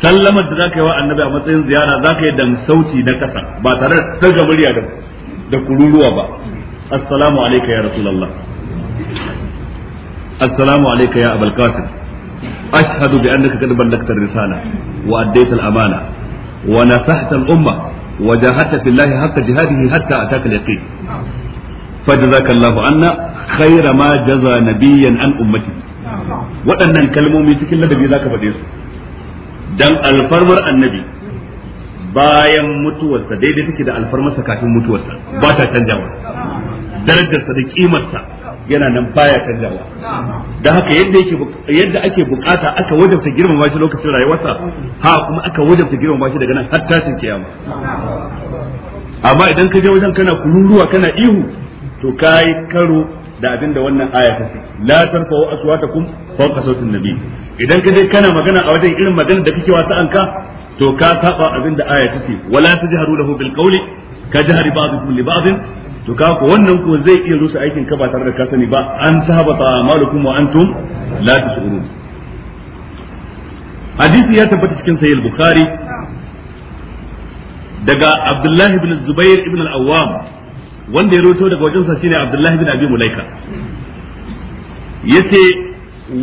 sallamar da zaka yi wa annabi a matsayin ziyara zaka yi dan sauti na kasa ba tare da daga murya da da kururuwa ba assalamu alayka ya rasulullah assalamu alayka ya abul qasim ashhadu bi annaka qad ballagta risala wa addayta al-amana wa nasahta al-umma wa jahadta fillahi haqqa jihadihi hatta ataka al-yaqin فجزاك الله عنا خير ما جزى نبيا عن waɗannan kalmomi cikin ladabi za ka faɗe su dan alfarmar annabi bayan mutuwarsa daidai take da alfarmarsa kafin mutuwarsa ba ta canjawa darajarsa da kimarsa yana nan baya canjawa da haka yadda ake bukata aka wajabta girmama shi lokacin rayuwarsa ha kuma aka wajabta girmama shi daga nan har tashin kiyama amma idan ka je wajen kana kururuwa kana ihu to kai karo da abin da wannan aya ta ce la tarfa'u aswatakum fawqa sautin nabi idan ka dai kana magana a wajen irin magana da kake wasa anka to ka saba abin da aya ta ce wala tajharu lahu bil qawli ka jahari ba'dukum li ba'd to ka ko wannan ko zai iya rusa aikin ka ba tare da ka sani ba an tahabata amalukum wa antum la tashurun hadisi ya tabbata cikin sahih bukhari daga abdullahi ibn zubair ibn al-awwam wanda ya roto daga wajen sa shine Abdullahi bin Abi Mulaika yace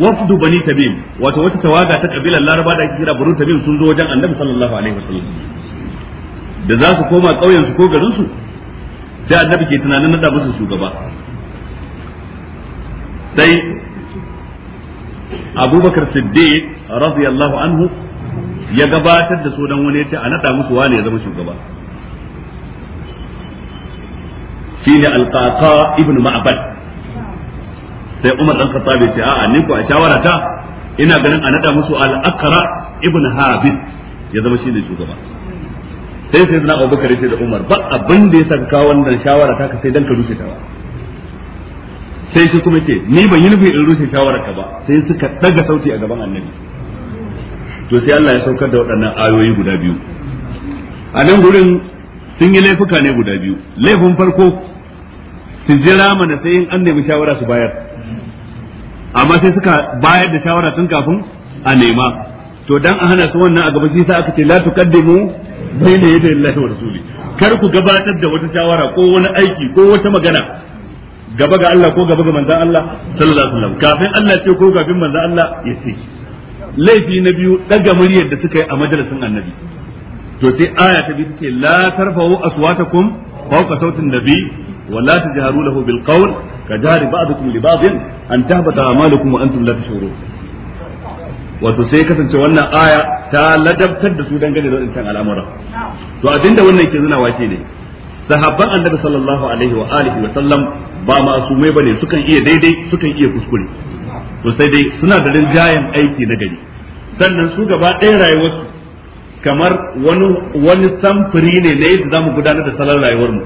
wafdu bani tabim wato wata tawaga ta kabilar Laraba da ake kira bani tabim sun zo wajen Annabi sallallahu alaihi wasallam da za su koma ƙauyen su ko garin su da Annabi ke tunanin nada musu shugaba sai Abubakar Siddiq radiyallahu anhu ya gabatar da su dan wani yace a nada musu wani ya zama shugaba shine alqaqa ibn ma'bad sai umar dan khattab ya ce a'a ni ko a shawara ta ina ganin a nada musu al-aqra ibn habib ya zama shine shugaba sai sai na abubakar ya ce da umar ba abin da ya saka kawo wannan shawara ta ka sai dan ka rushe ta ba sai shi kuma ce ni ban yi nufi in rushe shawarar ka ba sai suka daga sauti a gaban annabi to sai Allah ya saukar da waɗannan ayoyi guda biyu a nan gurin sun yi laifuka ne guda biyu laifin farko su jira mana sai in an nemi shawara su bayar amma sai suka bayar da shawara tun kafin a nema to dan a hana su wannan a gaba shi sa aka ce la tuqaddimu bayna yaday Allah wa rasuli kar ku gabatar da wata shawara ko wani aiki ko wata magana gaba ga Allah ko gaba ga manzon Allah sallallahu alaihi wasallam kafin Allah ce ko kafin manzon Allah ya ce laifi na biyu daga muryar da suka yi a majalisin annabi to sai aya ta biyu take la tarfa'u aswatakum fawqa sautin nabi ولا تجهروا له بالقول كجهر بعضكم لبعض أن تهبط لا تشعرون wato sai kasance wannan aya ta ladabtar da su dangane da wadancan al'amura to abinda wannan ke nuna wace ne sahabban annabi sallallahu alaihi wa alihi wa sallam ba ne bane sukan iya daidai sukan iya kuskure to sai dai suna da rinjayen aiki na gari sannan su gaba ɗaya rayuwarsu kamar wani wani samfuri ne na yadda zamu gudanar da salon rayuwar mu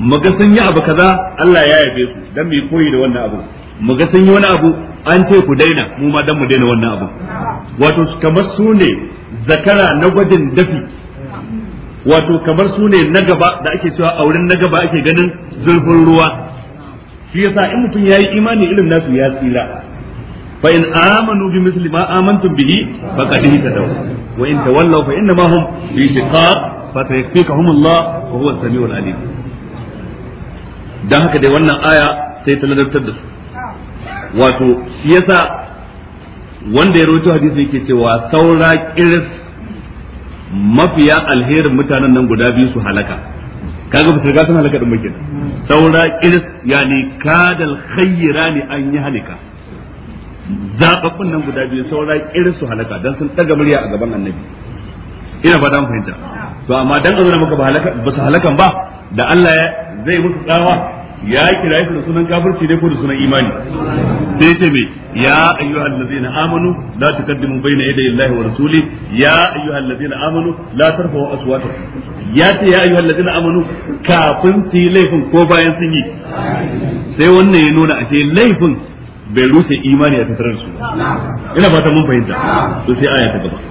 mu ga sun yi abu kaza Allah ya yabe su dan mu koyi da wannan abu mu ga sun yi wani abu an ce ku daina mu ma dan mu daina wannan abu wato kamar su zakara na gwajin dafi wato kamar su ne na gaba da ake cewa a wurin na gaba ake ganin zurfin ruwa shi yasa in mutum yayi imani irin nasu ya tsira fa in amanu bi misli ma amantum bihi faqad ihtadaw wa in tawallaw fa innama hum fi shiqaq fa sayakfikahum Allah wa huwa as-sami'ul alim dan haka dai wannan aya sai ta ladabtar da su wato shi yasa wanda ya rawaito hadisi yake cewa saura kiris mafiya alherin mutanen nan guda biyu su halaka kaga ba riga sun halaka din mukin saura kiris yani kadal khayrani an yi halika zababbun nan guda biyu saura kiris su halaka dan sun daga murya a gaban annabi ina fata mun fahimta to amma dan azuna muka ba halaka ba su halakan ba da Allah ya zai mutu tsawa ya kira shi da sunan kafirci ne ko da sunan imani sai ce me ya ayyuhal ladzina amanu la tuqaddimu bayna yaday Allahi wa rasuli ya ayyuhal ladzina amanu la tarfa'u aswatakum ya ce ya ayyuhal ladzina amanu kafin su yi laifin ko bayan sun yi sai wannan ya nuna a ashe laifin bai rufe imani a tattare da su ina fata mun fahimta to sai aya ta gaba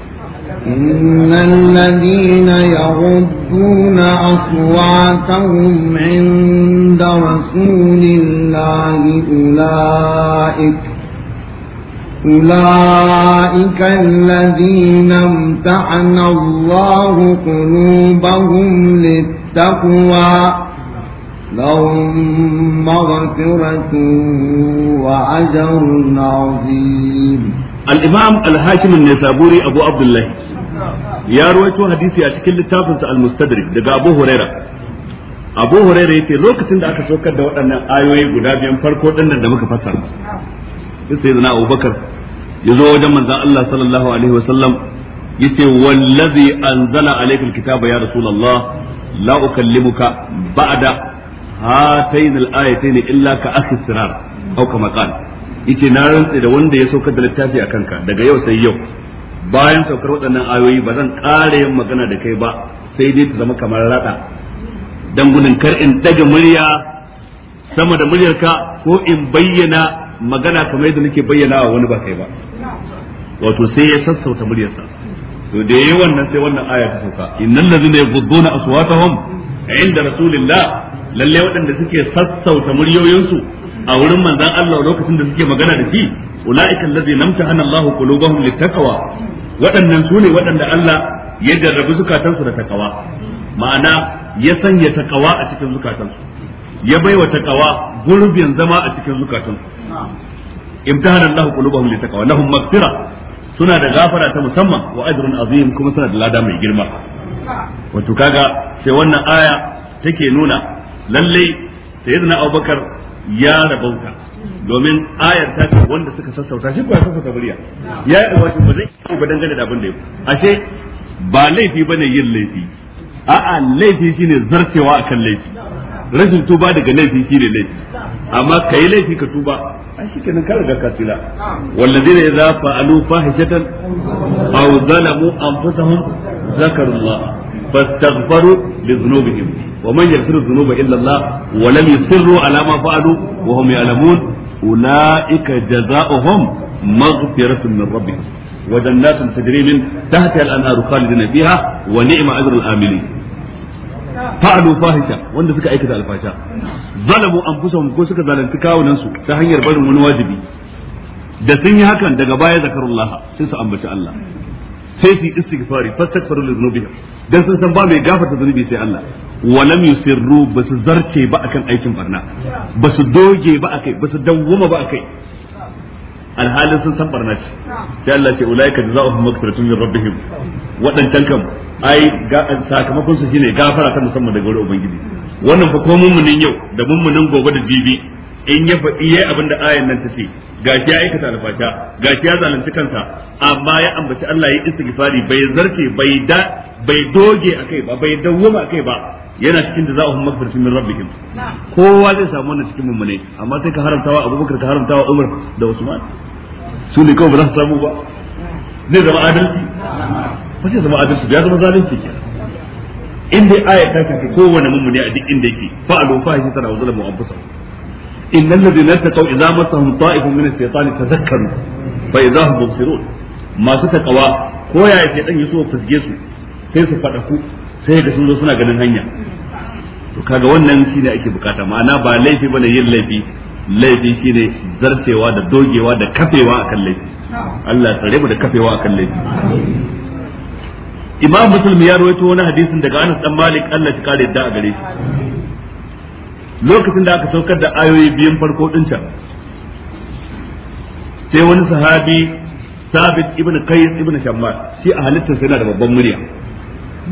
إن الذين يغضون أصواتهم عند رسول الله أولئك أولئك الذين امتحن الله قلوبهم للتقوى لهم مغفرة وأجر عظيم al-imam al-hakim an-nisaburi abu abdullah ya ruwaito hadisi a cikin littafin al-mustadrik daga abu huraira abu huraira yace lokacin da aka saukar da waɗannan ayoyi guda biyan farko dinnan da muka fassara sai zana abubakar ya zo wajen manzon Allah sallallahu alaihi wasallam yace wallazi anzala alayka alkitaba ya rasulullah la ukallimuka ba'da hatayn al ne illa ka akhi sirar ka kama qala yace na rantse da wanda ya sauka da littafi a kanka daga yau sai yau bayan saukar waɗannan ayoyi ba zan ƙara yin magana da kai ba sai dai ta zama kamar rada dan gudun kar in daga murya sama da muryarka ko in bayyana magana kamar yadda nake bayyana wa wani ba kai ba wato sai ya sassauta muryarsa to da yayi wannan sai wannan aya ta sauka innal ladzina yaghudduna aswatahum inda rasulillah lalle waɗanda suke sassauta muryoyinsu a wurin manzon Allah lokacin da suke magana da shi ulaika allazi lam tahana Allah qulubahum littaqwa waɗannan su ne waɗanda Allah ya jarrabi zukatansu da takawa ma'ana ya sanya takawa a cikin zukatansu ya baiwa takawa gurbin zama a cikin zukatansu imtahana Allah qulubahum littaqwa lahum maghfirah suna da gafara ta musamman wa ajrun azim kuma suna da lada mai girma wato kaga sai wannan aya take nuna lalle sayyidina Abubakar ya rabauta domin ayar ta ce wanda suka sassauta shi ba ya sassauta murya ya yi shi ba zai yi ba dangane da abin da ya ashe ba laifi ba ne yin laifi a'a laifi shi ne zartewa akan laifi rashin tuba daga laifi shi ne laifi amma ka yi laifi ka tuba ai shikenan ka riga ka tila wallazina idza fa'alu fahishatan aw zalamu anfusahum zakarullah fastaghfaru li wa man yaghfiru dhunuba illa Allah alama lam yusirru ala ma fa'alu wa hum ya'lamun ulaika jazaohum maghfiratun min rabbihim wa jannatun tajri min tahtiha al-anharu khalidina fiha wa ni'ma ajrul amilin fa'alu fahisha wanda suka aikata alfasha zalamu anfusahum ko suka zalunci kawunan su ta hanyar barin wani wajibi da sun yi hakan daga baya zakarullah sai su ambaci Allah sai su istighfari fastaghfiru li dhunubihim dan sun san ba mai gafarta zunubi sai Allah wa lam yusirru basu zarce ba akan aikin barna basu doge ba akai basu dawwama ba akai alhalin sun san barna ce sai Allah ce ulaika jazaohum maghfiratun min rabbihim wadancan kam ai sakamakon su shine gafara ta musamman daga wurin ubangiji wannan fa ko mummunin yau da mummunin gobe da jibi in ya faɗi yi abin da ayan nan ta ce gashi ya aikata alfasha gashi ya zalunci kansa amma ya ambaci Allah ya istighfari bai zarce bai da bai doge akai ba bai dawwama akai ba yana cikin da za'ahum maghfiratun min rabbihim kowa zai samu wannan cikin mummune amma sai ka haramtawa Abubakar ka haramtawa Umar da Usman su ne kawai ba za su samu ba zai zama adalci ba zai zama adalci ya zama zalunci kenan in dai aya ta kafi kowane mummune a duk inda yake fa'alu fahisatan aw zalamu anfusahum innal ladina taqaw idza massahum ta'ifun min ash-shaytani tadhakkaru fa idza hum mubsirun masu takawa ko ya yake dan yaso fusge su sai su fada ku sai ga sun zo suna ganin hanya to kaga wannan shine ake bukata ma'ana ba laifi bane yin laifi laifi shine zarfewa da dogewa da kafewa akan laifi Allah tsare mu da kafewa akan laifi Imam Muslim ya rawaito wani hadisin daga Anas dan Malik Allah ya kare da a gare shi lokacin da aka saukar da ayoyi biyun farko din sai wani sahabi sabit ibn qais ibn shammar shi a halittar sai yana da babban murya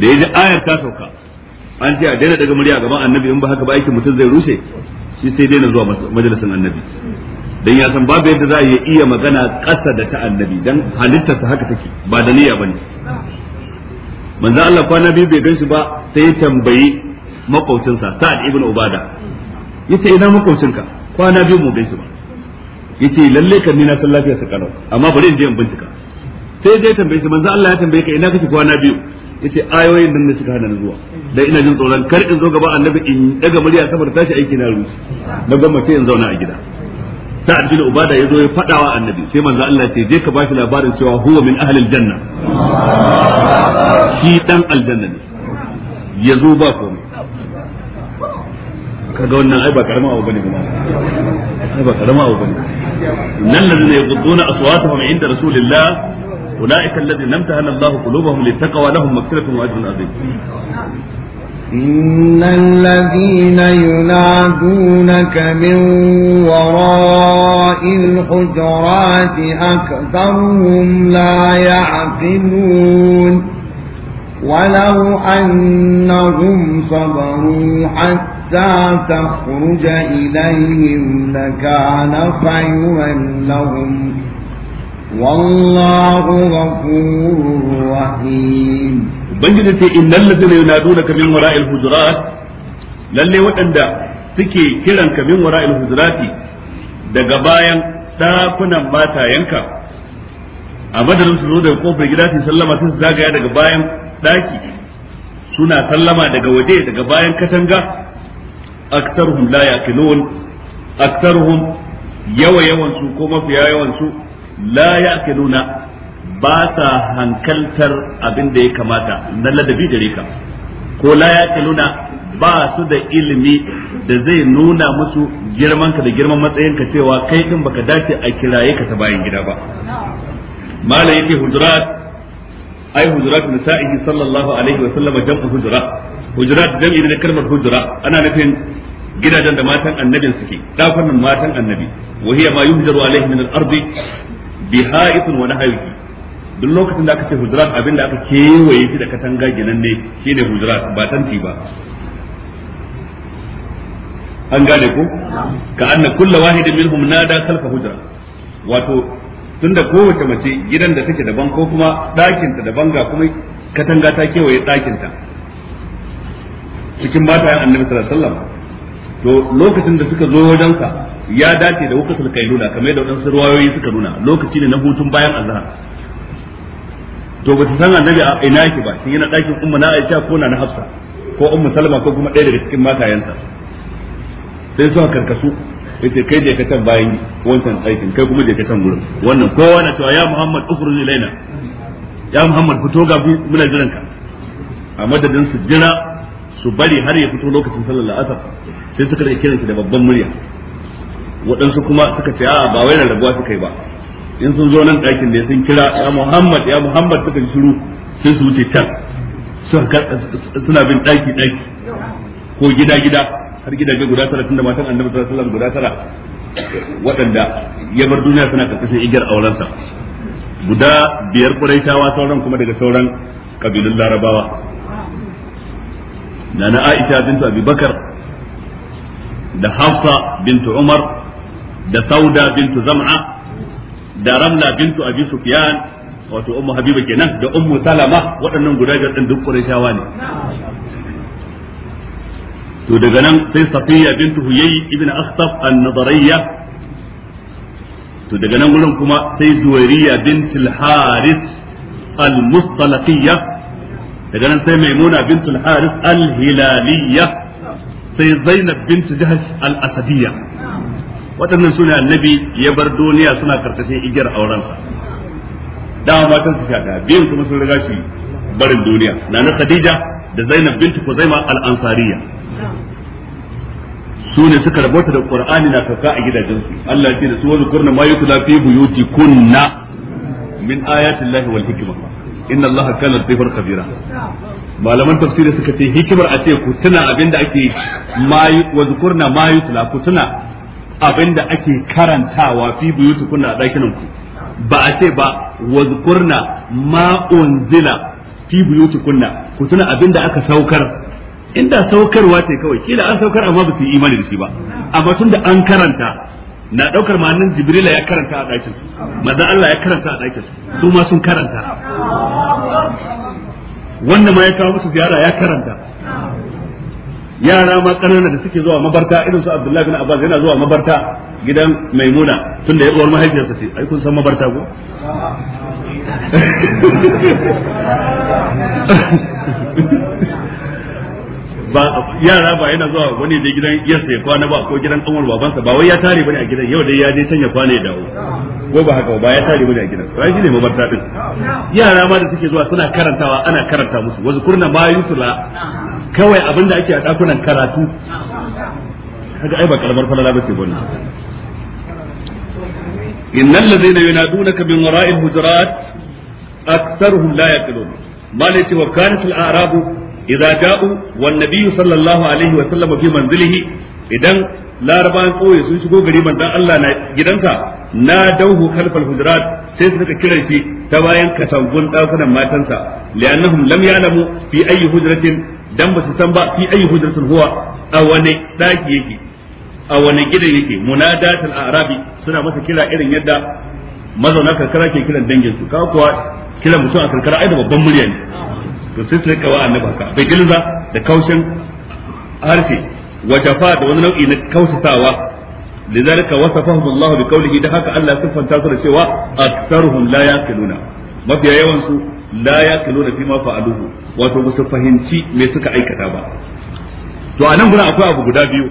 da yaji ayar ta sauka an ce a daina daga murya gaban annabi in ba haka ba aikin mutum zai rushe shi sai daina zuwa majalisin annabi dan ya san babu yadda za a iya magana ƙasa da ta annabi dan halittarsa haka take ba da niyya bane manzo Allah kwana biyu bai ganshi ba sai tambayi makaucinsa Sa'ad ibn Ubada yace ina makocinka kwana biyu mu gaisu ba yace lalle kan ni na san lafiyar sa kalau amma bari in je in bincika sai dai tambaye shi manzo Allah ya tambaye ka ina kake kwana biyu yace ayoyin nan ne suka hana zuwa dan ina jin tsoron kar in zo gaba annabi in daga murya saboda tashi aiki na ruci na sai in zauna a gida ta abdul ubada ya zo ya fadawa annabi sai manzo Allah ce je ka bashi labarin cewa huwa min ahli aljanna shi dan aljanna ne ya zo ba komai kaga wannan ai ba karama abu bane kuma ai ba karama abu bane nan ladina yaquduna aswatahum inda rasulillah ulaika alladhina amtahana Allah qulubahum littaqwa lahum maghfiratun wa ajrun azim إن الذين ينادونك من وراء الحجرات أكثرهم لا يعقلون ولو أنهم صبروا حتى حتى تخرج إليهم لكان خيرا لهم والله غفور رحيم ubangiji ce innal ladina yunadunaka min wara'il hujurat lalle waɗanda suke kiran ka min wara'il hujurati daga bayan dakunan matayenka a madadin su zo daga kofar gida su sallama sun zagaya daga bayan daki suna sallama daga waje daga bayan katanga aktsaruhum la yaqilun aktsaruhum yawa yawan ko mafiya yawan su la yaqiluna ba sa hankaltar abin da ya kamata na ladabi da ka ko la yaqiluna ba su da ilimi da zai nuna musu girman ka da girman matsayin ka cewa kai din baka dace a kiraye ka ta bayan gida ba mala yake hujurat ai hujurat nasa'ihi sallallahu alaihi wa sallama jam'u hujurat hujurat jam'i da kalmar hujura ana nufin gidajen da matan annabin suke dakunan matan annabi wa hiya ma yuhjaru alaihi min al-ard bi ha'itun wa nahayki duk lokacin da aka ce hujurat abinda aka kewaye shi da katanga ginan ne shine hujurat ba tanti ba an gane ko ka anna kullu wahidin minhum nada khalfa hujra wato tunda kowace mace gidan da take daban ko kuma ɗakinta daban ga kuma katanga ta kewaye ɗakinta. cikin matayen annabi sallallahu alaihi wasallam to lokacin da suka zo wajen sa ya dace da sulkai nuna kamar da wadansu ruwayoyi suka nuna lokaci ne na hutun bayan azhar to ba su san annabi a ina yake ba shin yana dakin ummu na Aisha ko na Hafsa ko ummu salama ko kuma ɗaya daga cikin matayensa sai suka karkasu yace kai je ka can bayan wancan aikin kai kuma je ka can gurin wannan kowa na cewa ya Muhammad ukhruj ilaina ya Muhammad fito ga muna jiran ka a madadin su jira su bari har ya fito lokacin sallar la'asar sai suka da kiranta da babban murya waɗansu kuma suka ce a'a ba wai rarrabuwa suka yi ba in sun zo nan ɗakin ne sun kira ya Muhammad ya Muhammad suka shiru sai su wuce can suna bin ɗaki ɗaki ko gida gida har gidaje guda tara tunda matan annabi sallallahu guda tara waɗanda ya bar duniya suna karkashin igiyar aurensa guda biyar kuraitawa sauran kuma daga sauran kabilun larabawa da na Aisha bintu Abi Bakar da Hafsa bintu Umar da Sauda bintu Zam'a da Ramla bintu Abi Sufyan wato Ummu Habiba kenan da Ummu Salama waɗannan guda biyar din duk Qurayshawa ne to daga nan sai Safiya bintu Huyay ibn Akhtaf an-Nadariyya to daga nan gurin kuma sai Zuwairiya bintul Haris al-Mustalaqiyya daga nan sai maimuna bintul haris al hilaliya sai zainab Binta jahash al-asadiyya waɗannan sune annabi ya bar duniya suna karkashin igiyar aurensa dama matan su shaka biyun kuma sun riga shi barin duniya na khadija da zainab bint kuzaima al ansariya su ne suka rabota da qur'ani na sauka a gidajensu Allah ya ce da su wani kurna ma yukula fi buyuti kunna min ayati wal hikma inna allaha kana latifan khabira malaman tafsiri suka ce hikimar a ce ku tuna abinda ake mayu wa zukurna abinda ake karantawa fi buyutu kunna dakinan ku ba a ce ba wa zukurna ma unzila fi kunna ku abinda aka saukar inda saukarwa ce kawai kila an saukar amma ba su yi imani da shi ba amma tun da an karanta na daukar ma'anin jibrila ya karanta a ɗakin maza Allah ya karanta a ɗakin su ma sun karanta wannan ma ya kawo musu ziyara ya karanta yara ma kanana da suke zuwa mabarta irin su Abdullahi bin Abbas yana zuwa mabarta gidan Maimuna tunda ya uwar mahaifiyarsa ce ai kun san mabarta ko ba yara ba yana zuwa wani da gidan yarsa ya kwana ba ko gidan kanwar babansa ba wai ya tare bane a gidan yau dai ya je tanya kwana ya dawo ko ba haka ba ya tare bane a gidan rai shine mabarta din yara ma da suke zuwa suna karantawa ana karanta musu wasu kurna ma yusula kawai abinda ake a dakunan karatu kaga ai ba kalmar falala ce wannan innal ladina yunadunaka min wara'il hujurat aktharuhum la yaqilun malati wa kanat al-a'rabu Iza da'u, wan nabiyyu sallallahu alaihi wa sallam fi manzilihi idan larabawan kauye sun shigo gari manzon Allah na gidansa na dauhu kalfal hujurat sai suka kiran shi ta bayan katangun dakunan matansa li'annahum lam ya'lamu fi ayyi hujratin dan ba su san ba fi ayyi hujratin huwa a wani daki yake a wani gidan yake arabi suna masa kira irin yadda mazauna karkara ke kiran danginsu, su kawo kuwa kiran mutum a karkara ai da babban murya ne to sai su rika wa annabi haka bai gilza da kaushin harfi wajafa da wani nau'i na kausatawa lidhalika wasafahum Allah bi qawlihi da haka Allah siffanta su da cewa aktsaruhum la yaqiluna mafiya yawan su la yaqiluna fima fa'aluhu wato ba su fahimci me suka aikata ba to a nan gurin akwai abu guda biyu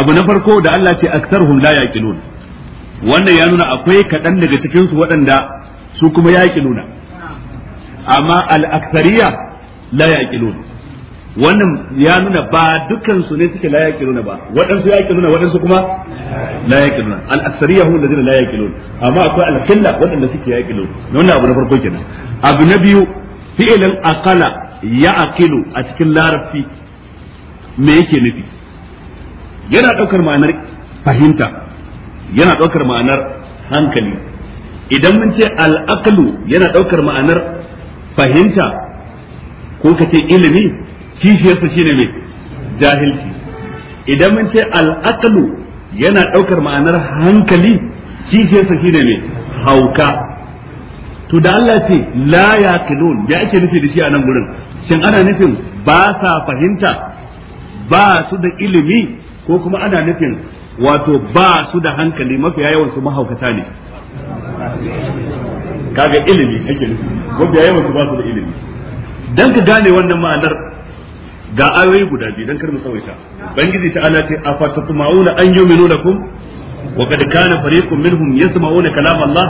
abu na farko da Allah ce aktsaruhum la yaqilun wannan ya nuna akwai kaɗan daga cikin su waɗanda su kuma yaqiluna amma al-aktsariya la yaqilun wannan ya nuna ba dukan su ne suke la yaqiluna ba waɗansu yaqiluna waɗansu kuma la yaqiluna al-aktsariya hum alladhina la yaqilun amma akwai al-qilla waɗanda suke na. wannan abu na farko kenan abu na biyu fi'il al-aqala aqilu a cikin larabci me yake nufi yana ɗaukar ma'anar fahimta yana ɗaukar ma'anar hankali idan mun ce al'aqlu yana ɗaukar ma'anar fahimta ko ka ce ilimi kishiyarsa shine mai jahilci idan mun ce al'aqlu yana ɗaukar ma'anar hankali kishiyarsa shine mai hauka to da Allah ce la yaqilun ya ake nufi da shi a nan gurin shin ana nufin ba sa fahimta ba su da ilimi ko kuma ana nufin wato ba su da hankali mafiya yawan su mahaukata ne kaga ilimi ake nufi wanda yayin su ba su da ilimi dan ka gane wannan ma'anar ga ayoyi guda biyu dan kar mu tsawaita ubangiji ta ala ce afatatma'una an yu'minu lakum wa qad kana fariqun minhum yasma'una kalam Allah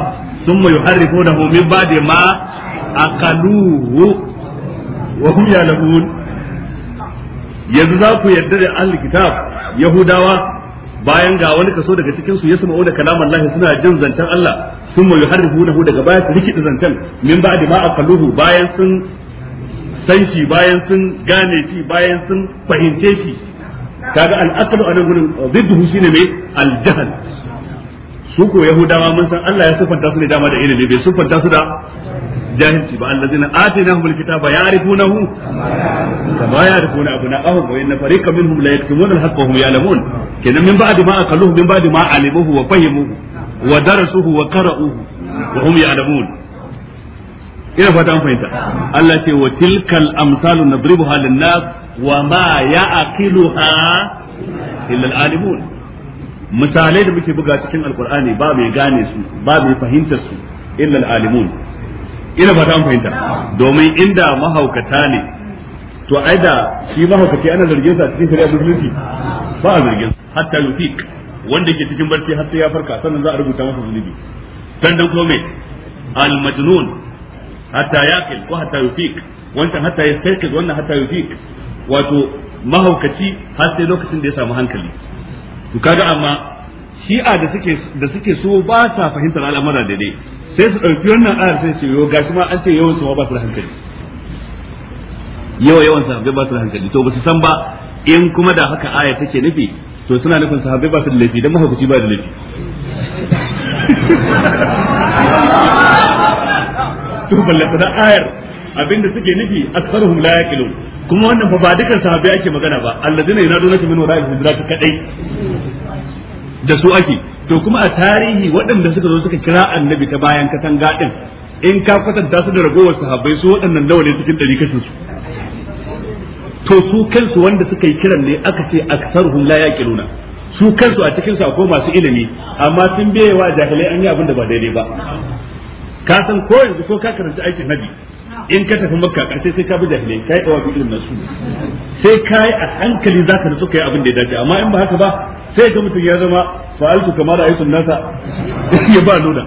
thumma yuharrifunahu min ba'di ma aqaluhu wa hum ya'lamun yanzu za ku yarda da alkitab yahudawa bayan ga wani kaso daga cikin su yasma'u da kalaman Allah suna jin zantan Allah sun mai harrifunahu daga baya su rikida zantan min ba da ma aqalluhu bayan sun san shi bayan sun gane shi bayan sun fahimce shi kaga al-aqlu anan gurin zidduhu shine mai al-jahl su ko yahudawa mun san Allah ya sufanta su ne dama da ilimi bai sufanta su da jahilci ba allazina atainahumul kitaba kama wa inna minhum la al wa hum ya'lamun min ba'di ma min ba'di ma alimuhu wa fahimuhu wa darasuhu wa qara'uhu wa hum ya'lamun ina fata an fahimta Allah ce wa tilkal nadribuha lin-nas wa ma ya'qiluha illa al-alimun misalai da muke buga cikin alqur'ani ba mai gane su ba mai fahimtar su illa al-alimun ina fata an fahimta domin inda mahaukata ne to ai da shi mahaukaci ana zargin sa cikin shari'a musulunci ba a zargin hatta yufiq wanda ke cikin barci har sai ya farka sannan za a rubuta masa zunubi sannan kuma me al majnun hatta yaqil ko hatta yufiq wancan hatta yastayqiz wannan hatta yufiq wato mahaukaci har sai lokacin da ya samu hankali to kaga amma shi'a da suke da suke so ba sa fahimtar al'amura daidai sai su ɗauki wannan ayar sai su yo gashi ma an ce yawan su ma ba su da hankali yawa yawan sahabbai ba su da hankali to ba su san ba in kuma da haka aya take nufi to suna nufin sahabbai ba su da laifi dan mahaukaci ba da laifi to balle da ayar abinda suke nufi aktsaruhum la yaqilun kuma wannan fa ba dukan sahabbai ake magana ba alladina mun min wara'il hujrat kadai da su ake to kuma a tarihi waɗanda suka zo suka kira annabi ta bayan katanga din in ka kwatanta su da ragowar sahabbai su waɗannan nawa ne cikin ɗari kashin su to su kansu wanda suka yi kiran ne aka ce aksaruhum la yaqiluna su kansu a cikin su masu ilimi amma sun biye wa jahilai an yi abin da ba daidai ba ka san ko yanzu ko ka karanci aikin nabi in ka tafi makka karshe sai ka bi jahilai kai da wafi irin nasu sai kai a hankali za ka nutsu kai abin da ya dace amma in ba haka ba sai ga mutum ya zama fa'altu kama da ayatun nasa ya ba nuna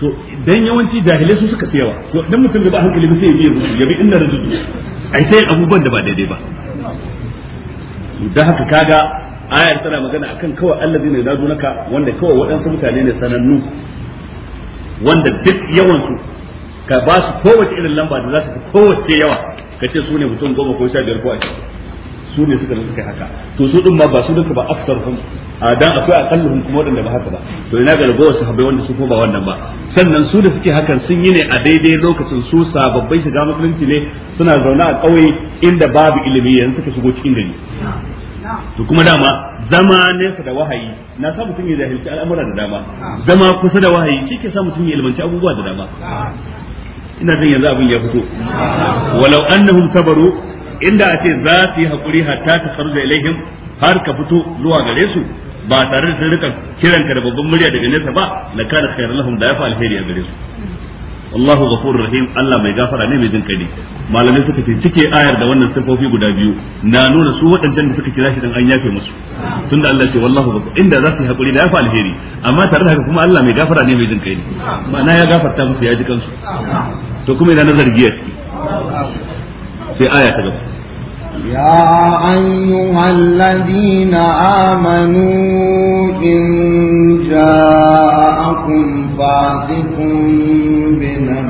to dan yawanci jahilai su suka fi yawa to dan mutum da ba hankali ba sai ya biye musu ya bi inda da zudu ai sai abubuwan da ba daidai ba da haka kaga ayar tana magana akan kawai allazina naka wanda kawai waɗansu mutane ne sanannu wanda duk yawan su ka ba su kowace irin lamba da za su fi kowace yawa ka ce su ne mutum goma ko sha biyar ko ashirin su ne suka suka haka to su din ma ba su duka ba hun a dan akwai hun kuma wadanda ba haka ba to ina ga ragowa sahabbai wanda su ko ba wannan ba sannan su da suke hakan sun yi ne a daidai lokacin su sababbai shiga musulunci ne suna zaune a ƙauye inda babu ilimi yanzu suka shigo cikin gari to kuma dama zama nesa da wahayi na sa mutum ya jahilci al'amura da dama zama kusa da wahayi shi ke sa mutum ya ilmanci abubuwa da dama ina jin yanzu abin ya fito walau annahum sabaru inda a ce za su yi hakuri hatta ta sarza ilaihim har ka fito zuwa gare su ba tare da rika kiran da babban murya daga nesa ba la kana khairu lahum da yafa alheri a gare su wallahu ghafurur rahim Allah mai gafara ne mai jin kai ne malamai suka ce cike ayar da wannan sifofi guda biyu na nuna su waɗannan da suka kira shi dan an yafe musu tunda Allah ce wallahu ghafur inda za su hakuri da yafa alheri amma tare da haka kuma Allah mai gafara ne mai jin kai ma'ana ya gafarta musu ya ji kansu to kuma ina nazar giya sai aya ta gaba يا أيها الذين آمنوا إن جاءكم فاسق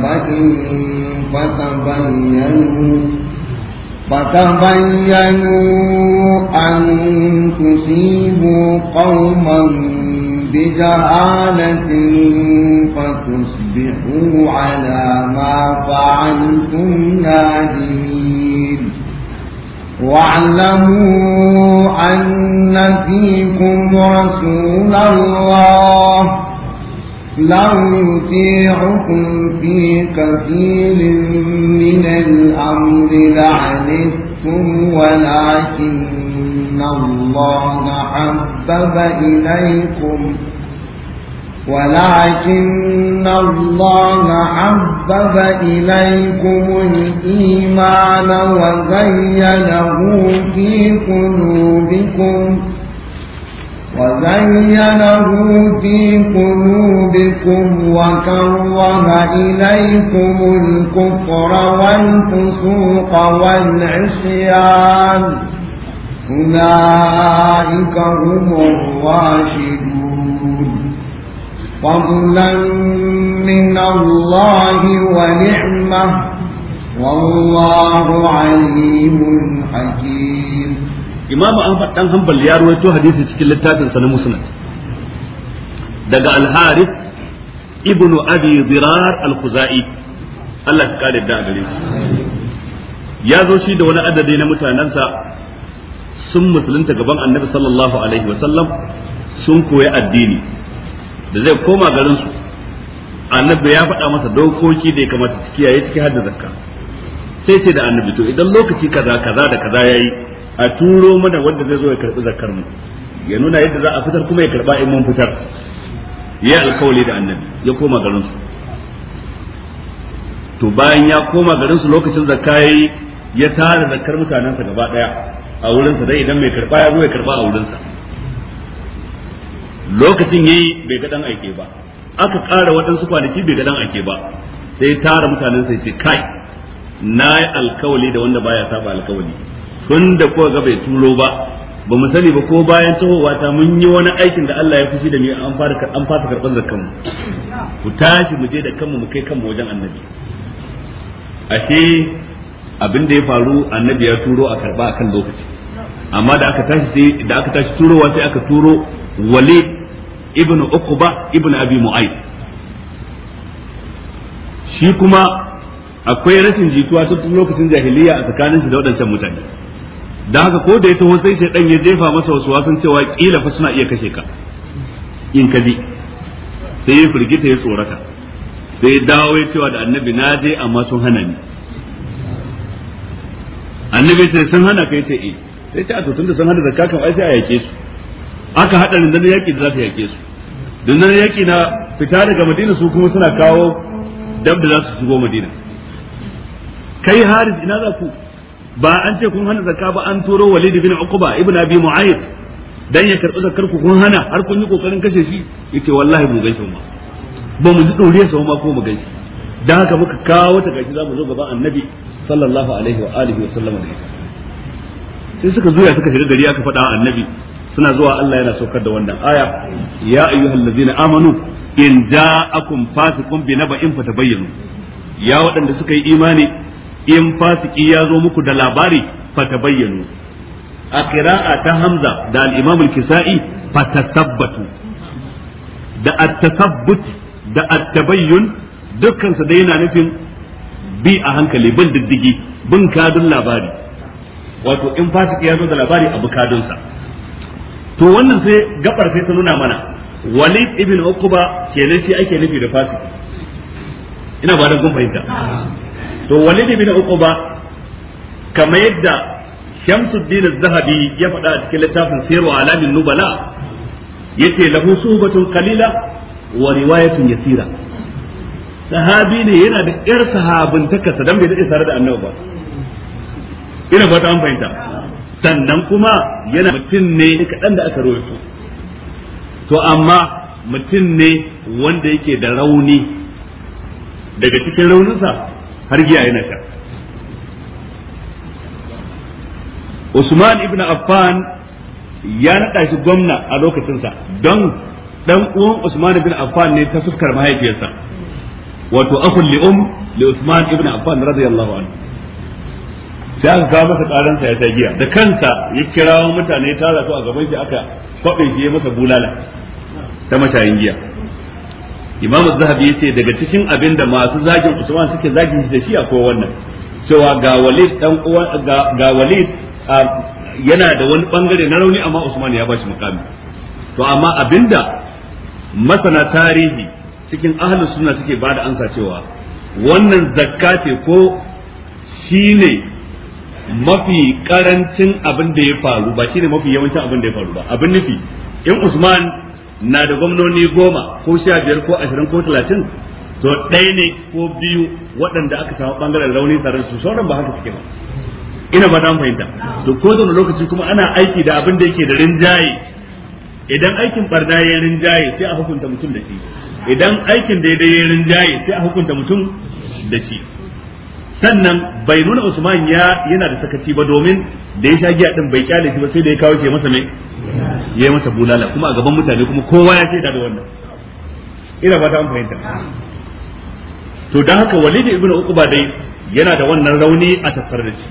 فتبينوا فتبينوا أن تصيبوا قوما بجهالة فتصبحوا على ما فعلتم نادمين واعلموا أن فيكم رسول الله لو يطيعكم في كثير من الأمر لعنتم ولكن الله حبب إليكم ولكن الله حبب إليكم الإيمان وزينه في قلوبكم وزينه في قلوبكم وكره إليكم الكفر والفسوق والعصيان أولئك هم الراشدون فضلا من الله ونعمة والله عليم حكيم imamu ahmad dan hanbal ya rawaito hadisi cikin littafin sa na musnad daga al-harith ibn abi dirar al-khuzai Allah ya kare da gare shi ya zo shi da wani adadi na mutanansa sun musulunta gaban annabi sallallahu alaihi sallam sun koyi addini da zai koma garin su annabi ya faɗa masa dokoki da ya kamata su kiyaye ciki har da zakka sai ce da annabi to idan lokaci kaza kaza da kaza yayi a turo mana wanda zai zo ya karbi zakar mu ya nuna yadda za a fitar kuma ya karba in mun fitar ya alkawali da annabi ya koma garin su to bayan ya koma garin su lokacin zakka yayi ya tara zakkar mutanensa gaba daya a wurin sa dai idan mai karba ya zo ya karba a wurin sa lokacin yayi bai ga dan aike ba aka ƙara waɗansu kwanaki bai ga dan aike ba sai tara mutanen ya ce kai na yi alkawali da wanda baya saba alkawali tun da ga bai turo ba ba mu sani ba ko bayan tahowa ta mun yi wani aikin da Allah ya fushi da mu an fara an fara karban zakkan mu ku tashi mu je da kanmu mu kai kanmu wajen annabi ashe abin da ya faru annabi ya turo a karba kan lokaci amma da aka tashi da aka tashi turowa sai aka turo Walid ibn Uqba ibn Abi Mu'ayth shi kuma akwai rashin jituwa tun lokacin jahiliya a tsakaninsu da waɗancan mutane da haka ko da ya taho sai sai dan ya jefa masa wasu wasan cewa kila fa suna iya kashe ka in ka bi sai ya firgita ya tsorata sai ya dawo ya cewa da annabi na je amma sun hana ni annabi sai sun hana kai ce eh sai ta to tunda sun hana zakka kan ai sai a yake su aka hada rundunar yaki da za ta yake su nan yaki na fita daga madina su kuma suna kawo dab da za su shigo madina kai haris ina za ku ba an ce kun hana zakka ba an turo Walid bin Uqba ibn Abi Mu'ayyid dan ya karbi zakkar ku kun hana har kun yi kokarin kashe shi yace wallahi mu gaishe ma ba mu ji dore sa ma ko mu gaishe dan haka muka kawo ta gashi zamu zo gaba annabi sallallahu alaihi wa alihi wa sallam sai suka zuya suka shiga gari aka faɗa annabi suna zuwa Allah yana saukar da wannan aya ya ayyuhallazina amanu in ja'akum fasiqun bi naba'in fatabayyanu ya waɗanda suka yi imani in fasiki ya zo muku da labari fatabayyanu a qira'a ta hamza da al-imam al-kisa'i fatasabbatu da at-tasabbut da at-tabayyun dukkan su da yana nufin bi a hankali bin diddigi bin kadun labari wato in fasiki ya zo da labari abu kadunsa to wannan sai gabar sai ta nuna mana walid ibn ke kenan shi ake nufi da fasiki ina ba da kun fahimta to walid ibn uquba kamar yadda shamsuddin az-zahabi ya faɗa a cikin littafin sirru alamin nubala yace lahu kalila, qalila wa riwayatun yasira sahabi ne yana da yar sahabantaka dan bai daɗe tare da annabi ba ina fata an fahimta sannan kuma yana mutum ne kaɗan da aka rawaito to amma mutum ne wanda yake da rauni daga cikin rauninsa har jiya yana sha Usman ibn Affan ya naɗa shi gwamna a lokacinsa don dan uwan Usman ibn Affan ne ta fuskar mahaifiyarsa wato akun li'um um li Usman ibn Affan radiyallahu anhu sai aka kawo masa karansa ya ta giya da kansa ya kirawo mutane ta zato a gaban shi aka kwabe shi ya masa bulala ta mashayin giya imamu zahabi ya ce daga cikin abin da masu zagin usman suke zagin da shi akwai wannan cewa ga walid dan uwa ga walid yana da wani bangare na rauni amma usman ya bashi mukami to amma abinda masana tarihi cikin ahlus sunna suke bada ansa cewa wannan zakkafi ko shine mafi karancin abin da ya faru ba shine mafi yawancin abin da ya faru ba abin nufi in usman na da gwamnoni goma ko sha biyar ko ashirin ko talatin to ɗaya ne ko biyu waɗanda aka samu ɓangaren rauni tare su sauran ba haka suke ba ina ba dan fahimta to ko zama lokaci kuma ana aiki da abin da yake da rinjaye idan aikin barna ya rinjaye sai a hukunta mutum da shi idan aikin daidai ya rinjaye sai a hukunta mutum da shi sannan bai nuna Usman ya yana da sakaci ba domin da ya sha giya din bai kyale shi ba sai da ya kawo shi masa mai ya masa bulala kuma a gaban mutane kuma kowa ya ce da wannan ina ba ta an fahimta to don haka walidi ibn Uqba dai yana da wannan rauni a tattare da shi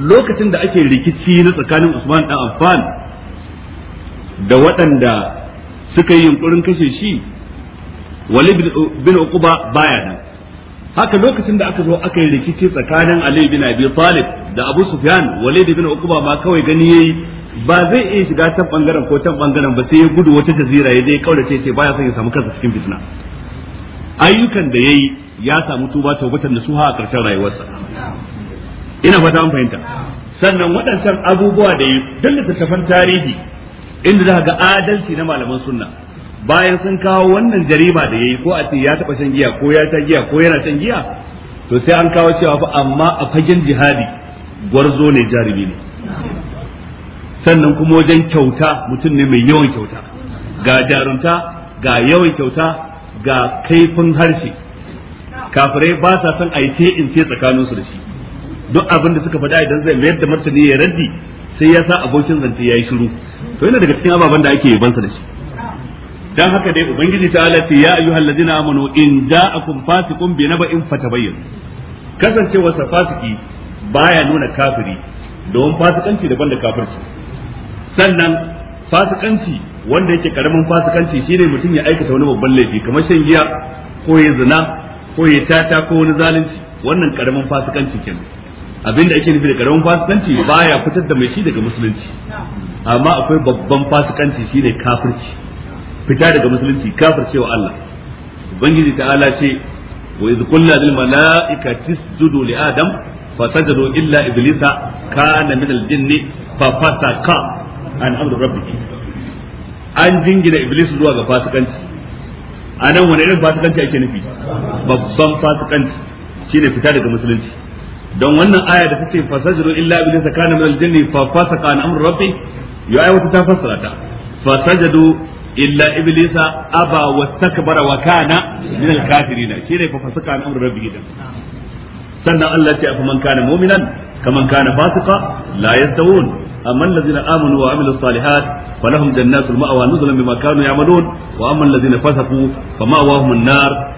lokacin da ake rikici na tsakanin Usman dan Affan da waɗanda suka yi yunkurin kashe shi walid bin uquba baya nan haka lokacin da aka zo aka yi rikici tsakanin Ali bin Abi Talib da Abu Sufyan Walid bin Uqba ma kawai gani yayi ba zai iya shiga ta bangaren ko ta bangaren ba sai ya gudu wata jazira ya je kaurace ce baya son ya samu kansa cikin fitna ayyukan da yayi ya samu tuba tawbatar nasuha a karshen rayuwarsa ina fata an fahimta sannan waɗancan abubuwa da yi duk littattafan tarihi inda za ga adalci na malaman sunna bayan sun kawo wannan jarima da yayi ko a ce ya taba shan giya ko ya ta giya ko yana shan giya to sai an kawo cewa fa amma a fagen jihadi gwarzo ne jarumi ne sannan kuma wajen kyauta mutum ne mai yawan kyauta ga jarunta ga yawan kyauta ga kaifin harshe kafirai ba sa son a yi ce in ce tsakaninsu da shi duk abin da suka faɗa idan zai mayar da martani ya raddi sai ya sa abokin zance ya yi shiru to yana daga cikin ababen da ake bansa da shi dan haka dai ubangiji ta alati ya ayyuhal ladina amanu in ja'akum fasiqun bi naba'in fatabayyin kasancewa sa fasiki baya nuna kafiri don fasikanci daban da kafirci sannan fasikanci wanda yake karamin fasikanci shine mutum ya aikata wani babban laifi kamar shan giya ko ya zina ko ya tata ko wani zalunci wannan karamin fasikanci kenan abinda ake nufi da karamin fasikanci baya fitar da mai shi daga musulunci amma akwai babban fasikanci shine kafirci fita daga musulunci cewa Allah ubangiji ta'ala ce wa iz qulna lil mala'ikati isjudu li adam fasajadu illa iblisa kana min al jinni fa fasaka an amru rabbih an jingina iblis zuwa ga fasikanci anan wani irin fasikanci ake nufi babban fasikanci shine fita daga musulunci don wannan aya da take fasajru illa iblisa kana min al jinni fa fasaka an amru rabbih ya ai wata ta fassara ta fasajadu illa iblisa aba wastakbara wa kana min alkafirin shine fa fasaka Allah ya ce fa mu'minan kaman kana fasiqa la yastawun amanu wa amilus salihat falahum jannatul ma'wa nuzulan bima kanu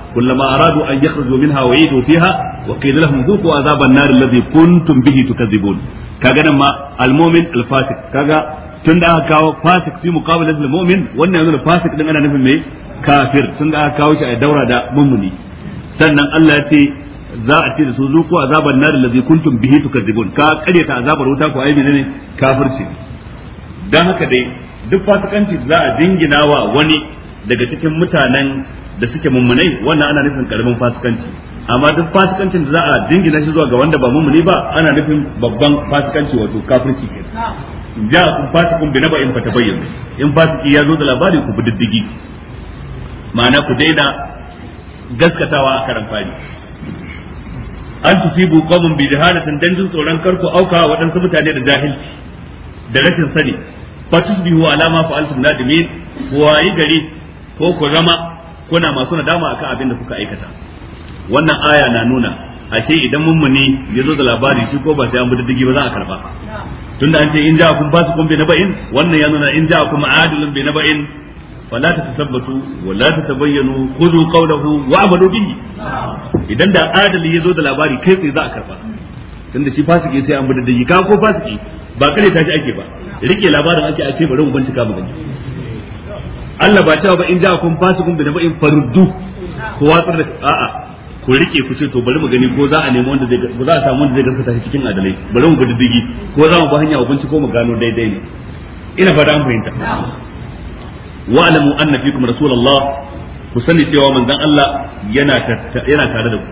كلما أرادوا أن يخرجوا منها وعيدوا فيها وقيل لهم ذوقوا عذاب النار الذي كنتم به تكذبون المؤمن الفاسق tun da aka kawo fasik fi da mu'min wannan yana fasik din ana nufin me kafir tun da aka kawo shi a daura da mummuni sannan Allah ya ce za a ce da su zuku azaban nar allazi kuntum bihi tukadzibun ka kare ta azabar wuta ko ai menene kafirci dan haka dai duk fasikanci za a dingina wa wani daga cikin mutanen da suke mummunai wannan ana nufin karamin fasikanci amma duk fasikancin da za a dingina shi zuwa ga wanda ba mummuni ba ana nufin babban fasikanci wato kafirci kenan ja'akum kun bi naba'in fatabayyanu in fasiki ya zo da labari ku diddigi ma'ana ku daina gaskatawa a karan fari an tusibu qawmun bi jahalatin dan jin tsoron karku auka waɗansu mutane da jahilci da rashin sani fatusbihu ala ma fa'altum nadimin wayi gari ko ku zama kuna masu nadama akan abin da kuka aikata wannan aya na nuna ashe idan mummuni ya zo da labari shi ko ba sai an bi diddigi ba za a karba tunda an ce in ja'akum fasiqun bi naba'in wannan ya nuna in ja'akum adilun bi naba'in fala tatasabbatu wa la tatabayyanu khudhu qawlahu wa amadu bihi idan da adali zo da labari kai tsaye za a karba tunda shi fasiki sai an bi da yika ko fasiki ba kare shi ake ba rike labarin ake ake bari mu bincika mu gani Allah ba cewa ba in ja'akum fasiqun bi naba'in farudu ko watsar da a'a ku rike ku ce to bari mu gani ko za a nemi wanda zai ko za a samu wanda zai gaskata shi cikin adalai bari mu gudu digi ko za mu ba hanya abinci ko mu gano daidai ne ina fata an fahimta wa alamu anna fikum rasulullah ku sani cewa manzon Allah yana yana tare da ku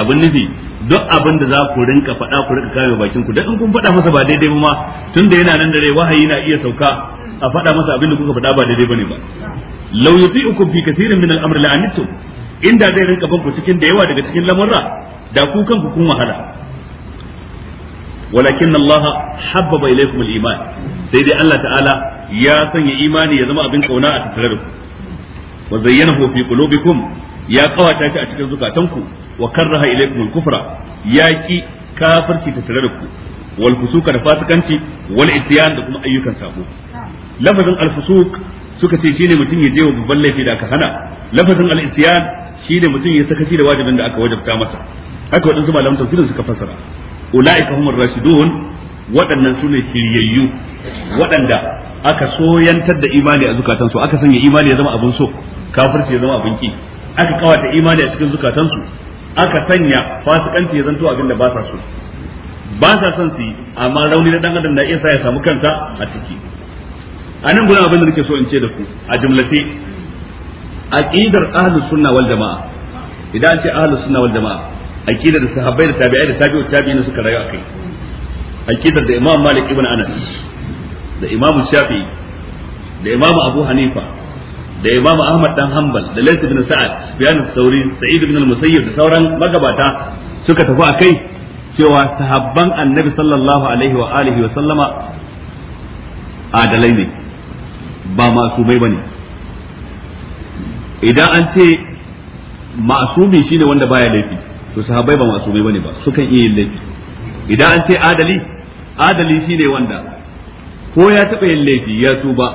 abin nufi duk abin da za ku rinka faɗa ku rinka kame bakin ku dan in kun faɗa masa ba daidai ba ma tunda yana nan da rai wahayi na iya sauka a faɗa masa abin da kuka faɗa ba daidai bane ba law yuti'ukum fi kaseerin min al-amri la'anittum inda zai rinka banku cikin da yawa daga cikin lamarra, da ku kanku kun wahala walakin Allah habbaba ilaykum al-iman sai dai Allah ta'ala ya sanya imani ya zama abin kauna a tattare da ku wa zayyanahu fi qulubikum ya ƙawata shi a cikin zukatanku wa karraha ilaykum al-kufra ya ki kafirci tattare da ku wal fusuka da fasikanci wal isyan da kuma ayyukan sabo lafazin al-fusuq suka ce shine mutum ya je wa babban laifi da aka hana lafazin al-isyan Shi da mutum ya sakaci da wajibin da aka wajabta masa haka waɗansu malaman tafsir suka fassara ulaika humur rashidun waɗannan su ne shiryayyu waɗanda aka soyantar da imani a zukatansu aka sanya imani ya zama abin so kafirci ya zama abin aka kawata imani a cikin zukatansu aka sanya fasikanci ya zanto abin da ba sa so ba sa son su amma rauni na dan adam na iya sa ya samu kanta a ciki anan nan gudan abin da nake so in ce da ku a jumlace aqidar ahlus sunna wal jamaa idan ce ahlus sunna wal jamaa aqidar da sahabbai da tabi'ai da tabi'ut tabi'in suka rayu akai aqidar da imam malik ibn anas da imam shafi da imam abu hanifa da imam ahmad dan hanbal da lays ibn sa'ad sufyan sauri sa'id ibn al-musayyib da sauran magabata suka tafi akai cewa sahabban annabi sallallahu alaihi wa alihi wa sallama adalai ne ba masu bai bane idan an ce masumi shine wanda baya laifi to sahabbai ba masumi bane ba sukan iya yin laifi idan an ce adali adali shine wanda ko ya taɓa yin laifi ya tuba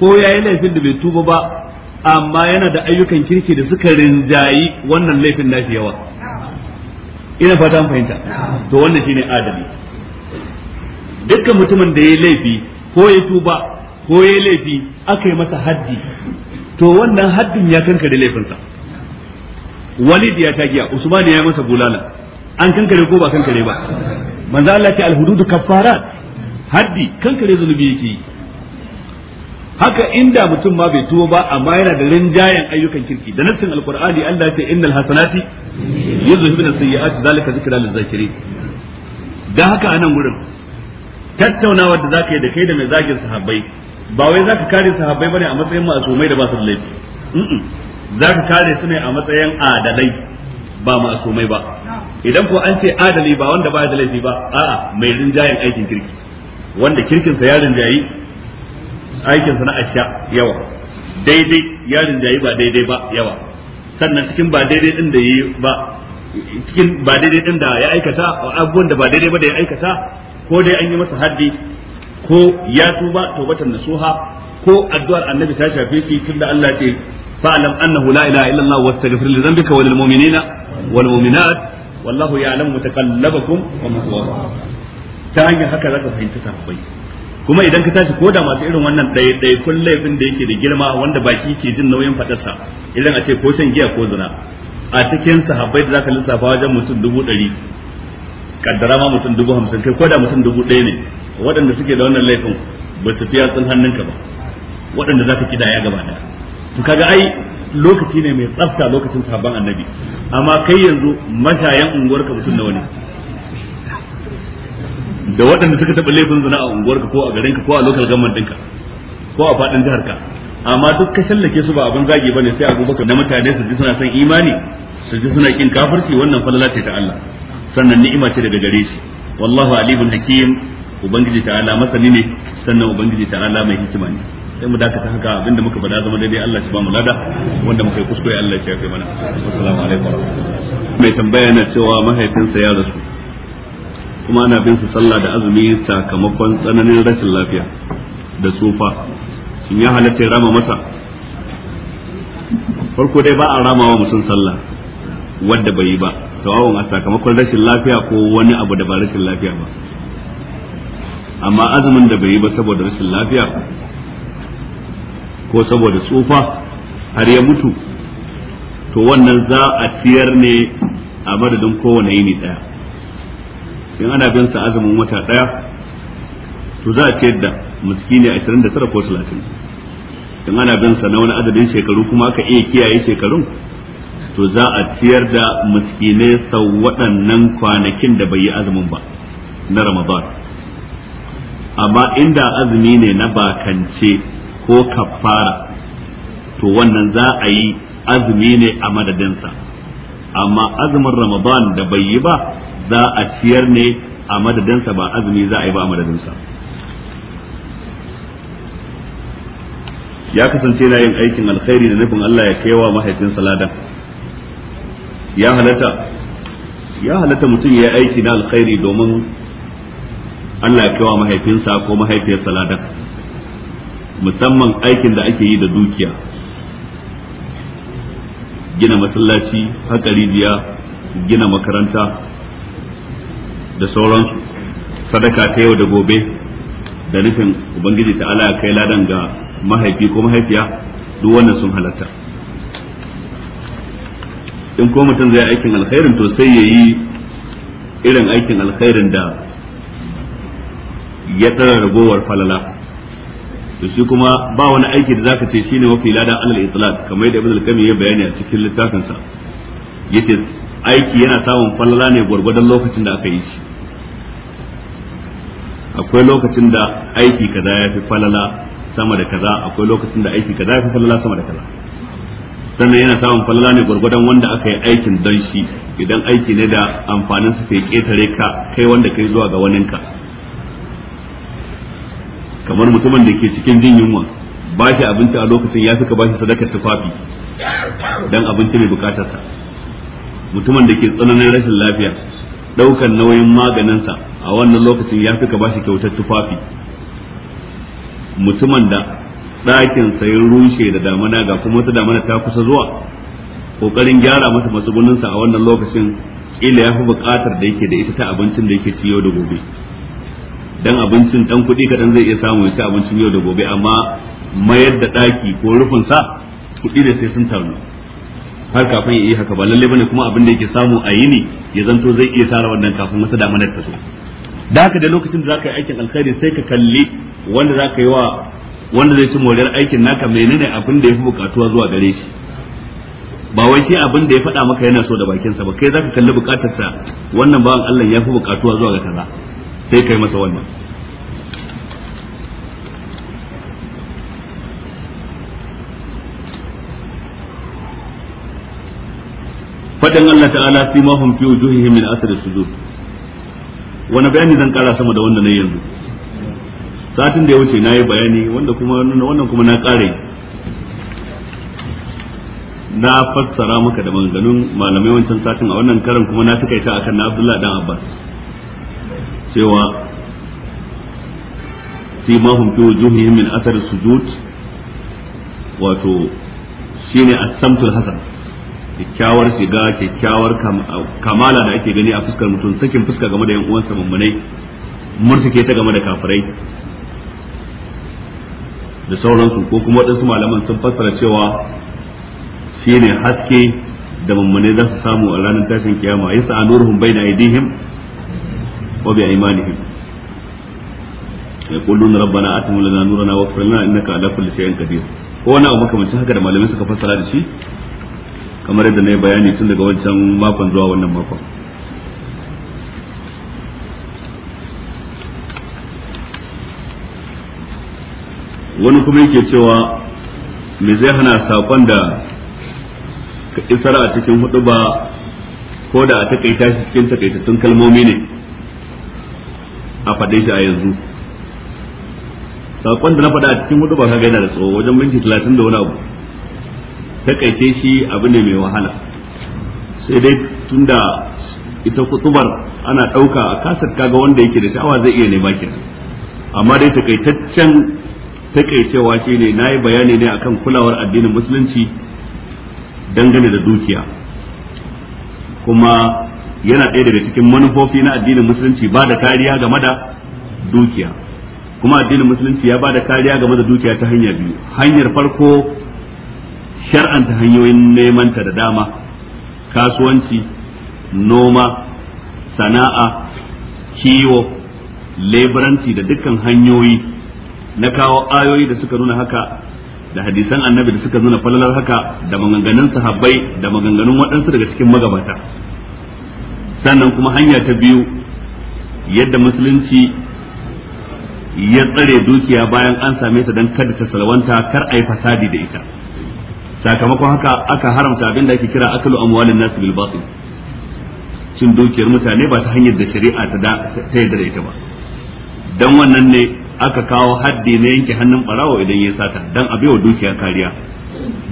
ko ya yi laifin da bai tuba ba amma yana da ayyukan kirki da suka rinjayi wannan laifin nashi yawa ina fata an fahimta to wannan shine adali dukkan mutumin da ya yi laifi ko ya tuba ko ya yi laifi aka yi masa haddi to wannan haddin ya kankare laifinsa walid ya tagiya usman ya masa bulala an kankare ko ba kankare ba manzo Allah ce alhududu kaffarat haddi kankare zunubi yake yi haka inda mutum ma bai tuwo ba amma yana da rinjayen ayyukan kirki da nassin alqur'ani Allah ce innal hasanati yuzhibuna sayyi'ati zalika zikra lil zakirin da haka anan gurin tattaunawar da zaka yi da kai da mai zagin sahabbai ba wai za ka kare sahabbai bane a matsayin ma'asumai da ba su da laifi ka kare su ne a matsayin adalai ba ma'asumai ba idan ko an ce adali ba wanda ba da laifi ba a'a mai rinjayen aikin kirki wanda kirkinsa ya rinjayi aikinsa na asha yawa daidai ya rinjayi ba daidai ba yawa sannan cikin ba daidai din da yi ba cikin ba daidai din da ya aikata abubuwan da ba daidai ba da ya aikata ko dai an yi masa haddi ko ya tuba tawbatan nasuha ko addu'ar annabi ta shafe shi tunda Allah ya ce fa'lam annahu la ilaha Allah wastaghfir li dhanbika wa lil mu'minina wal mu'minat wallahu ya'lamu mutaqallabakum wa mathwaakum ta hanyar haka zaka fahimta sahabbai kuma idan ka tashi koda masu irin wannan ɗaya ɗaya kun laifin da yake da girma wanda baki ke jin nauyin faɗarsa idan a ce ko shan giya ko zina a cikin sahabbai da zaka lissafa wajen mutum dubu ɗari kaddara ma mutum dubu hamsin kai koda mutum dubu ɗaya ne waɗanda suke da wannan laifin ba su fiya tsin hannunka ba waɗanda za ka kidaya gaba ɗaya to kaga ai lokaci ne mai tsafta lokacin sabon annabi amma kai yanzu mashayan unguwarka mutum nawa ne da waɗanda suka taɓa laifin zina a unguwarka ko a garinka ko a lokal gamman ɗinka ko a faɗin jihar ka amma duk ka shallake su ba abin zagi bane sai abubakar na mutane su ji suna son imani su ji suna kin kafirci wannan falala ce ta Allah sannan ni'ima ce daga gare shi wallahu alimun hakim ubangiji ta'ala masani ne sannan ubangiji ta'ala mai hikima ne sai mu dakata haka abinda muka bada zama daidai Allah shi ba mu lada wanda muka yi kuskure Allah shi ya kai mana assalamu alaikum mai tambaya na cewa mahaifinsa ya rasu kuma ana bin su sallah da azumi sakamakon tsananin rashin lafiya da tsufa shin ya halatta rama masa farko dai ba a wa mutum sallah wadda bai yi ba tawawun a sakamakon rashin lafiya ko wani abu da ba rashin lafiya ba amma azumin da bai yi ba saboda rashin lafiya ko saboda tsufa har ya mutu to wannan za a ciyar ne a madadin kowane yini daya in ana bin sa azumin wata daya to za a ciyar da ne 29 ko 30 in ana bin sa na wani adadin shekaru kuma aka iya kiyaye shekarun to za a ciyar da miskinai sau waɗannan kwanakin da bai yi azumin ba na ramadan amma inda azumi ne na bakance ko kafara to wannan za a yi azumi ne a madadinsa amma azumin ramadan da bai yi ba za a ciyar ne a madadinsa ba azumi za a yi ba a madadinsa ya kasance na yin aikin alkhairi da nufin Allah ya kaiwa mahaifinsa ladan ya halatta ya halatta mutum ya yi aiki na alkhairi domin Allah ya kaiwa mahaifinsa ko mahaifiyarsa ladan musamman aikin da ake yi da dukiya gina masallaci haka rijiya gina makaranta da sauran sadaka ta yau da gobe da nufin ubangiji ta ala kai ladan ga mahaifi ko mahaifiya duk wannan sun halatta in ko mutum zai aikin alkhairin to sai ya yi irin aikin alkhairin da ya tsara ragowar falala to shi kuma ba wani aiki da zaka ce shine mafi lada alal itlaq kamar da ibn al-qayyim ya bayani a cikin littafin sa yace aiki yana samun falala ne gurgurdan lokacin da aka yi shi akwai lokacin da aiki kaza ya fi falala sama da kaza akwai lokacin da aiki kaza ya fi falala sama da kaza sannan yana samun falala ne gurgurdan wanda aka yi aikin don shi idan aiki ne da amfanin su ke ketare ka kai wanda kai zuwa ga waninka kamar mutumin da ke cikin jin yunwa ba shi abinci a lokacin ya suka ba shi sadakar tufafi don abinci mai bukatarsa mutumin da ke tsananin rashin lafiya daukan nauyin maganinsa a wannan lokacin ya suka ba shi kyautar tufafi mutumin da ɗakin sayin rushe da damana ga kuma wata damana ta kusa zuwa ƙoƙarin gyara masa matsuguninsa a wannan lokacin kila ya fi bukatar da yake da ita ta abincin da yake ciyo da gobe dan abincin dan kuɗi kaɗan zai iya samu ya ci abincin yau da gobe amma mayar da ɗaki ko rufin sa kuɗi da sai sun taru har kafin ya yi haka ba lalle bane kuma abin da yake samu a yini ya zanto zai iya tara wannan kafin wata manar ta so da haka da lokacin da zaka yi aikin alkhairi sai ka kalli wanda zaka yi wa wanda zai ci moriyar aikin naka menene abin da yafi bukatuwa zuwa gare shi ba wai shi abin da ya faɗa maka yana so da bakinsa ba kai zaka kalli bukatarsa wannan bawan Allah ya fi bukatuwa zuwa ga kaza sai kai masa wannan fadan Allah ta'ala fi ma hum fi wujuhihim min asr sujud wani bayani zan kara sama da wanda na yanzu satin da ya wuce nayi bayani wanda kuma wannan kuma na kare na fassara maka da maganganun malamai wancan satin a wannan karan kuma na takaita akan na Abdullahi dan Abbas cewa simahum fi wujuhihim min athar sujud wato shine as-samtul hasan kyakkyawar shiga kyakkyawar kamala da ake gani a fuskar mutum sakin fuska game da yan uwansa mummunai ke ta game da kafirai da sauransu ko kuma waɗansu malaman sun fassara cewa shine haske da mummune za su samu a ranar tashin kiyama yasa anuruhum baina aidihim وبأيمانهم يقولون ربنا آتنا لنا نورنا واغفر لنا إنك على كل شيء قدير ko wani abu makamancin haka da malamai suka fassara هذا الشيء كما رد na yi bayani tun daga ما makon zuwa wannan makon wani kuma yake cewa me zai hana sakon da isara a cikin hudu ba ko da a takaita shi cikin takaitattun kalmomi ne a faɗe shi a yanzu sakon da na faɗa a cikin hudu ba ka gaida da tsawo wajen minti talatin da wani abu kaice shi abu ne mai wahala sai dai tunda ita kutubar ana ɗauka a kasar kaga wanda yake da sha'awa zai iya nema kenan amma dai takaitaccen takaicewa shi ne na yi bayani ne akan kulawar addinin musulunci dangane da dukiya kuma yana ɗaya daga cikin manufofi na addinin musulunci ba da kariya game da dukiya kuma addinin musulunci ya ba da kariya game da dukiya ta hanya biyu hanyar farko shar'anta hanyoyin neman ta da dama kasuwanci noma sana'a kiwo leburanci da dukkan hanyoyi na kawo ayoyi da suka nuna haka da hadisan annabi da suka nuna falalar haka da maganganun sahabbai da maganganun waɗansu daga cikin magabata sannan kuma hanya ta biyu yadda musulunci ya tsare dukiya bayan an same ta don kada ta salwanta kar a yi fasadi da ita sakamakon haka aka haramta abin da ake kira akalu amwalin nasu bil batil cin dukiyar mutane ba ta hanyar da shari'a ta da ta ita ba dan wannan ne aka kawo haddi na yanke hannun barawo idan ya sata dan a wa dukiya kariya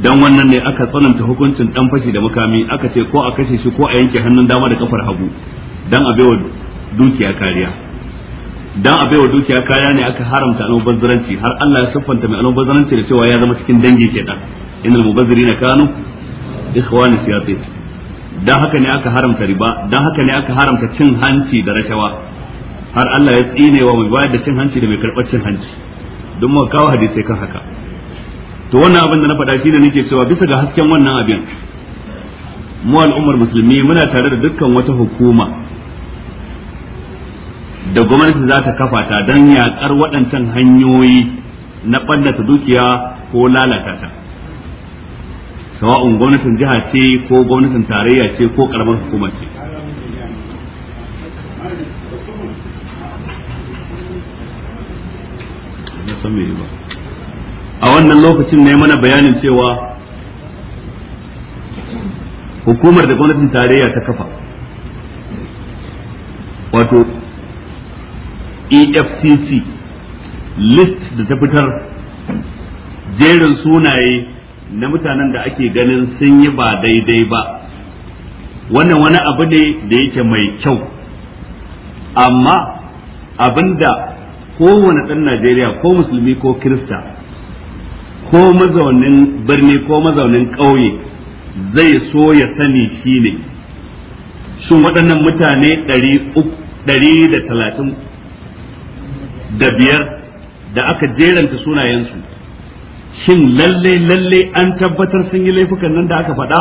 dan wannan ne aka tsananta hukuncin dan fashi da makami aka ce ko a kashe shi ko a yanke hannun dama da kafar hagu dan a baiwa dukiya kariya dan a baiwa dukiya kariya ne aka haramta bazzaranci har Allah ya siffanta mai bazzaranci da cewa ya zama cikin dangi kenan innal mubazzirina kanu ikhwani siyasit dan haka ne aka haramta riba dan haka ne aka haramta cin hanci da rashawa har Allah ya tsinewa mai bayar da cin hanci da mai karɓar cin hanci don mu kawo hadisai kan haka to wannan abin da na faɗa shi ne nake cewa bisa ga hasken wannan abin mu al'ummar musulmi muna tare da dukkan wata hukuma da gwamnati za ta kafa ta don yaƙar waɗancan hanyoyi na ɓallata dukiya ko lalata ta sawa'un gwamnatin jiha ce ko gwamnatin tarayya ce ko ƙaramar hukuma ce Thank you. a wannan lokacin ne mana bayanin cewa hukumar da gwamnatin tarayya ta kafa wato EFCC list da ta fitar jerin sunaye na mutanen da ake ganin sun yi ba daidai ba wannan wani abu ne da yake mai kyau amma abinda kowane ɗan Najeriya ko musulmi ko kirista ko mazaunin birni ko mazaunin ƙauye zai so ya sani shi ne shin waɗannan mutane ɗari da talatin da biyar da aka jeranta sunayensu shin lalle lalle an tabbatar sun yi laifukan nan da aka faɗa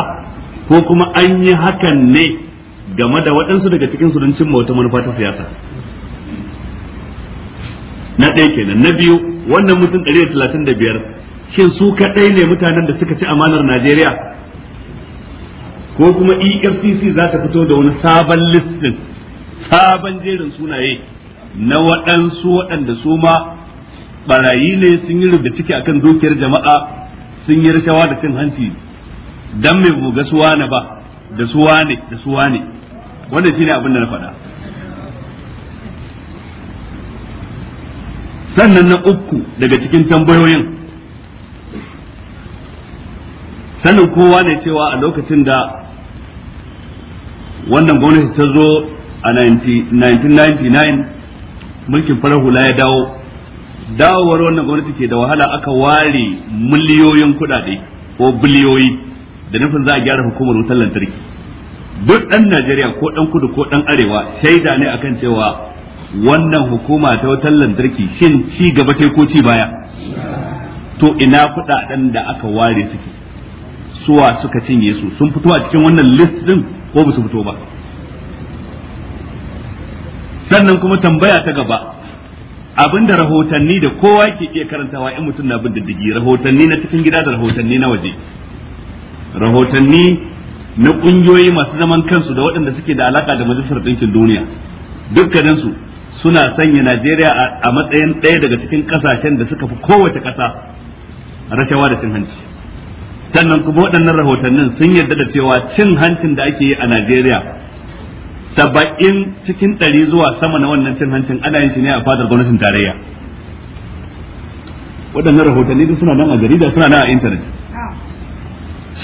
ko kuma an yi hakan ne game da waɗansu daga cikinsu don cimma wata manufa ta siyasa na ɗaya kenan na biyu wannan mutum 135 shin su kadai ne mutanen da suka ci amanar Najeriya ko kuma EFCC za ta fito da wani sabon listin sabon jerin sunaye na waɗansu waɗanda su ma barayi ne sun yi rubda ciki akan dukiyar jama'a sun yi rashawa da cin hanci dan mai buga suwa ne ba da suwa ne da suwa ne wannan shine abin da na faɗa sannan na uku daga cikin tambayoyin sanin kowa ne cewa a lokacin da wannan gwamnati ta zo a 1999 mulkin farar hula ya dawo dawowar wannan gwamnati ke da wahala aka ware miliyoyin kudade ko biliyoyi da nufin za a gyara hukumar wutar lantarki duk ɗan najeriya ko ɗan kudu ko ɗan arewa shaida ne akan cewa wannan hukuma ta wutar lantarki shin ci gaba ko ci baya to ina kudaden da aka ware suke suwa suka cinye su sun fito a cikin wannan list din ko ba su fito ba sannan kuma tambaya ta gaba abinda rahotanni da kowa ke iya karantawa in mutum na bin diddigi rahotanni na cikin gida da rahotanni na waje rahotanni na kungiyoyi masu zaman kansu da waɗanda suke da alaka da majalisar ɗinkin duniya dukkaninsu suna sanya najeriya a matsayin ɗaya daga cikin ƙasashen da suka fi kowace ƙasa rashawa da cin hanci sannan kuma waɗannan rahotannin sun yarda da cewa cin hancin da ake yi a Najeriya saba'in cikin ɗari zuwa sama na wannan cin hancin ana yin shi ne a fadar gwamnatin tarayya waɗannan rahotanni duk suna nan a jarida suna nan a intanet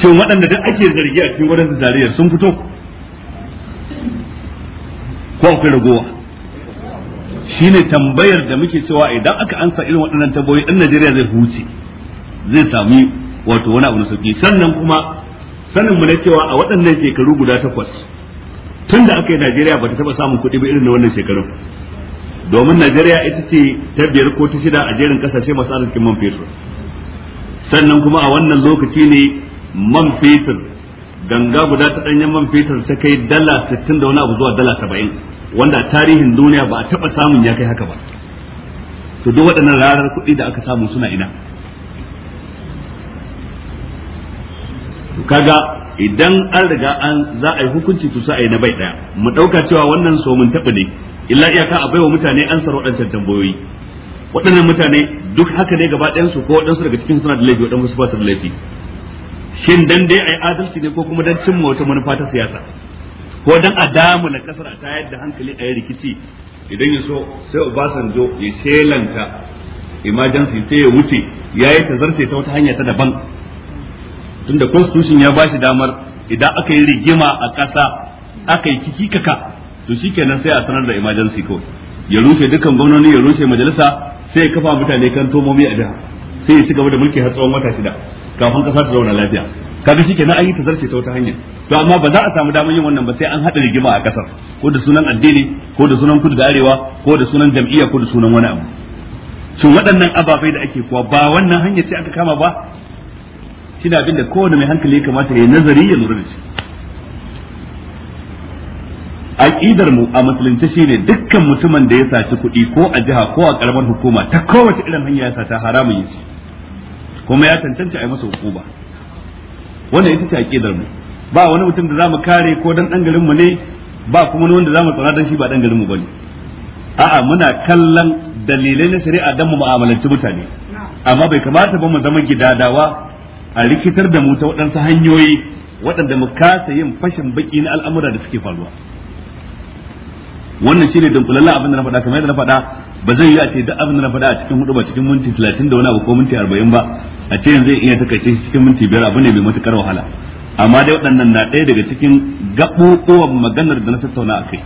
shin waɗanda duk ake zargi a cikin gwamnatin tarayya sun fito ko akwai ragowa ne tambayar da muke cewa idan aka ansa irin waɗannan tabbobi ɗan Najeriya zai huce zai sami wato wani abu na sauki sannan kuma sanin mu na cewa a waɗannan shekaru guda takwas tun da aka yi Najeriya ba ta taɓa samun kuɗi ba irin na wannan shekarun domin Najeriya ita ce ta biyar ko ta shida a jerin kasashe masu arzikin man fetur sannan kuma a wannan lokaci ne man fetur ganga guda ta ɗanyen man fetur ta kai dala sittin da wani abu zuwa dala saba'in wanda a tarihin duniya ba a taɓa samun ya kai haka ba to duk waɗannan rarar kuɗi da aka samu suna ina kaga idan an riga an za a yi hukunci to sai a yi na bai daya mu dauka cewa wannan so mun taɓa ne illa iyaka a baiwa mutane an sar waɗancan tambayoyi waɗannan mutane duk haka ne gaba ɗayan su ko waɗansu daga cikin suna da laifi waɗansu su ba su da laifi shin dan dai ai adalci ne ko kuma dan cimma wata manufa ta siyasa ko dan a damu na kasar a tayar da hankali a yi rikici idan ya so sai Obasanjo ya shelanta emergency sai ya wuce ya yi tazarce ta wata hanya ta daban tunda constitution ya ba shi damar idan aka yi rigima a ƙasa aka yi kiki kaka to shikenan sai a sanar da emergency code ya rushe dukkan gwamnoni ya rushe majalisa sai ya kafa mutane kan tomomi a jiha sai ya ci gaba da mulki har tsawon wata shida kafin kasa ta zauna lafiya kaga shikenan an yi ta zarce ta wata hanya to amma ba za a samu damar yin wannan ba sai an hada rigima a kasar ko da sunan addini ko da sunan kudu da arewa ko da sunan jam'iyya ko da sunan wani abu shin waɗannan ababai da ake kuwa ba wannan hanya ce aka kama ba shine abin da kowane mai hankali ya kamata ya nazari ya lura da shi aqidar mu a musulunci shine dukkan mutumin da ya saci kuɗi ko a jiha ko a karamar hukuma ta kowace irin hanya ya sata haramun yi kuma ya tantance a yi masa hukuma wannan ita ce aqidar mu ba wani mutum da zamu kare ko dan dan garin mu ne ba kuma wani wanda zamu tsara dan shi ba dan garin mu bane a'a muna kallon dalilai na shari'a dan mu mu'amalanci mutane amma bai kamata ba mu zama gidadawa a rikitar da mu ta waɗansu hanyoyi waɗanda mu kasa yin fashin baki na al'amura da suke faruwa wannan shine kulalla abin da na faɗa kamar yadda na faɗa ba zan yi a ce duk abin da na faɗa a cikin hudu ba cikin minti talatin da wani abu ko minti arba'in ba a ce yanzu iya takaice cikin minti biyar abu ne mai matukar wahala amma dai waɗannan na ɗaya daga cikin gaɓoɓowar maganar da na tattauna a kai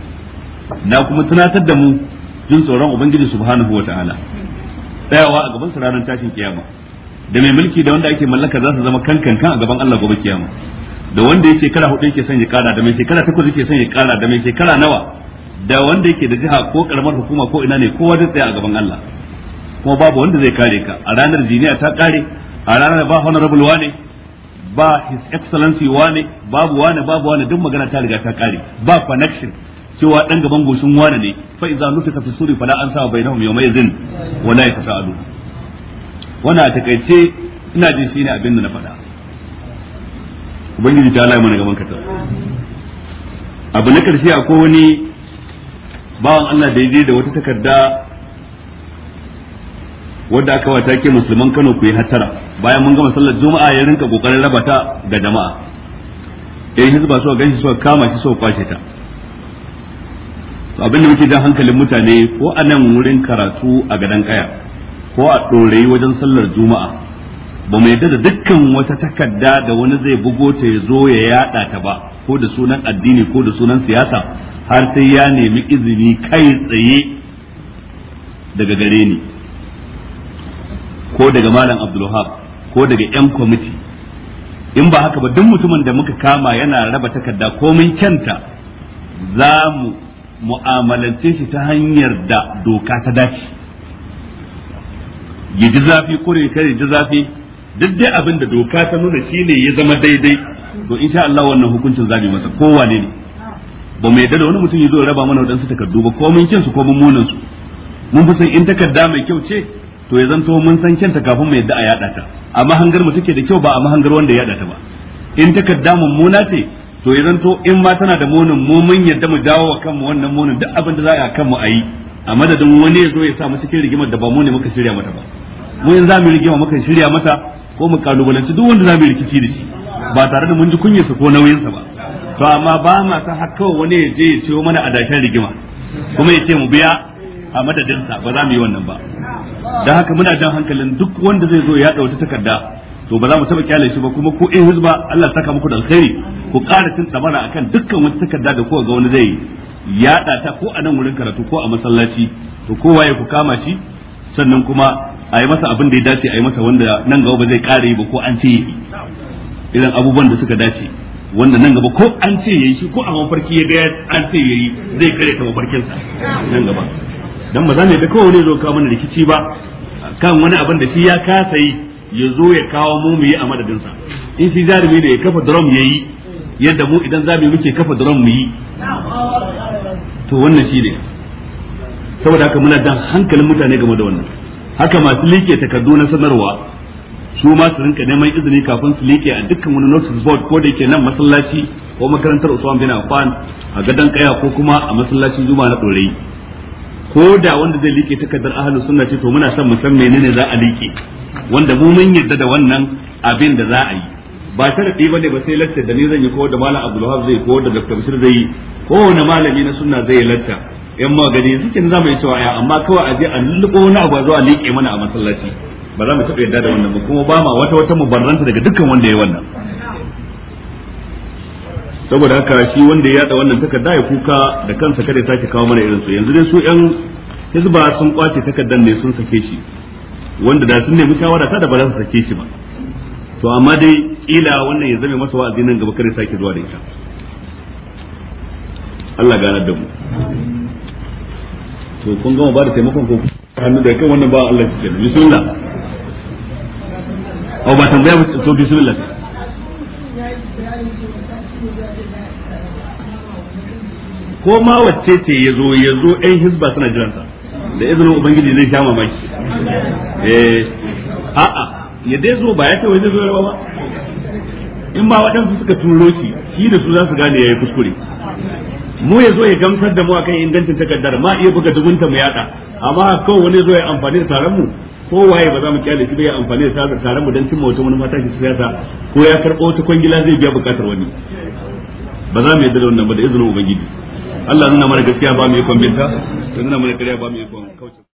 na kuma tunatar da mu jin tsoron ubangiji subhanahu wa ta'ala tsayawa a gaban ranar tashin kiyama da mai mulki da wanda ake mallaka za su zama kankan kan a gaban Allah gobe kiyama da wanda ya shekara hudu yake son ya kara da mai shekara takwas yake son ya kara da mai shekara nawa da wanda yake da jiha ko karamar hukuma ko ina ne kowa zai tsaya a gaban Allah kuma babu wanda zai kare ka a ranar jiniya ta kare a ranar ba honorable wane ba his excellency wane babu wane babu wane duk magana ta riga ta kare ba connection cewa dan gaban goshin wane ne fa iza nufika fi suri fala an sa bainahum yawma idhin wala yatasaalu wanda a takaice ina jin ne abin da na faɗa ubangiji ta Allah mana gaban katar abu na karshe a wani bawan Allah da yaje da wata takarda wadda aka wata ke musulman Kano ku yi hattara bayan mun gama sallar juma'a ya rinka kokarin raba ta ga jama'a eh hizba so ganshi so kama shi so kwashe ta abin da muke jan hankalin mutane ko a nan wurin karatu a gadan kaya ko a ɗorayi wajen sallar juma'a ba mu yadda da dukkan wata takarda da wani zai bugo ta ya zo ya yada ta ba ko da sunan addini ko da sunan siyasa har sai ya nemi izini kai tsaye daga gare ni ko daga malam abdulwahab ko daga yan kwamiti in ba haka ba duk mutumin da muka kama yana raba takarda komai kyanta za mu mu'amalance shi ta hanyar da doka ta dace ya ji zafi kure kare ji zafi duk dai abin da doka ta nuna ne ya zama daidai to insha Allah wannan hukuncin zabi masa kowa ne ba mu yadda da wani mutum ya zo raba mana wadansu takardu ba ko mun kinsu ko mun munan su mun fi san in takarda mai kyau ce to ya zanto mun san kyanta kafin mu yadda a yada ta amma hangar mu take da kyau ba amma hangar wanda ya yada ta ba in takarda mun muna ce to ya zanto in ma tana da munin mu mun yadda mu dawo wa kanmu wannan munin duk abin da za a yi a kanmu a yi a madadin wani ya zo ya sa mu cikin rigimar da ba mu ne muka shirya mata ba mu in za mu rigima muka shirya mata ko mu kalubalanci duk wanda za mu rikici da shi ba tare da mun ji kunyarsa ko nauyinsa ba to amma ba ma har kawai wani ya je ya ciwo mana dakin rigima kuma ya ce mu biya a sa ba za mu yi wannan ba dan haka muna jan hankalin duk wanda zai zo ya dauki takarda to ba za mu taɓa kyale shi ba kuma ko in hizba Allah saka muku da alkhairi ku ƙara cin tsamara akan dukkan wata takarda da kowa ga wani zai yaɗa ta ko a nan wurin karatu ko a masallaci to kowa ya ku kama shi sannan kuma a yi masa abin da ya dace a yi masa wanda nan gaba ba zai ƙara yi ba ko an ce yi irin abubuwan da suka dace wanda nan gaba ko an ce ya yi shi ko a mafarki ya ga an ce ya yi zai kare ta sa nan gaba dan ba za yi da kowa ne zo kawo mana rikici ba kan wani abin da shi ya kasa yi ya zo ya kawo mu mu yi a madadinsa in shi jarumi ne ya kafa drum ya yi. yadda mu idan zamu muke kafa drone mu yi to wannan shine saboda haka muna dan hankalin mutane game da wannan haka masu like takardu na sanarwa su ma su rinka neman izini kafin su like a dukkan wani notice board ko da yake nan masallaci ko makarantar Usman bin Affan a gadan kaya ko kuma a masallacin Juma'a na Dorayi ko da wanda zai like takardar ahlus sunna ce to muna son mu san menene za a leke wanda mu mun yarda da wannan abin da za a yi ba sharadi bane ba sai latta da ni zan yi ko da malam abdulwahab zai ko da dr bashir zai yi kowane malami na sunna zai latta yan magani suke za mu yi cewa amma kawai a je a lulluɓo wani abu zuwa liƙe mana a masallaci ba za mu taɓa yadda da wannan ba kuma ba ma wata wata mubarranta daga dukkan wanda ya wannan saboda haka shi wanda ya yada wannan takarda ya kuka da kansa kada ya sake kawo mana irin su yanzu dai su yan hizba sun kwace takardar ne sun sake shi wanda da sun nemi shawara ta da ba za su sake shi ba to amma dai kila wannan ya zame masa wa'azi nan gaba kare sake zuwa da ita Allah gana da mu to kun gama ba da taimakon ko hannu da kan wannan ba Allah ya kenan bismillah A'u ba tambaya to bismillah ko ma wacce ce ya zo ya zo ɗan hizba suna jiransa da izinin ubangiji zai sha mamaki eh a'a ya dai zo ba ya ce wai zai zo ba in ba waɗansu suka turo shi shi da su za su gane yayi kuskure mu ya zo ya gamsar da mu kan ingancin takardar ma iya buga dubunta mu yada amma kawai wani zo ya amfani da taron mu ko waye ba za mu kyale shi ba ya amfani da taron mu don cimma wata wani mata shi siyasa ko ya karɓo wata kwangila zai biya bukatar wani ba za mu yarda da wannan ba da izinin ubangiji Allah nuna mana gaskiya ba mu yi kwambinta nuna mana ƙarya ba mu yi kwambinta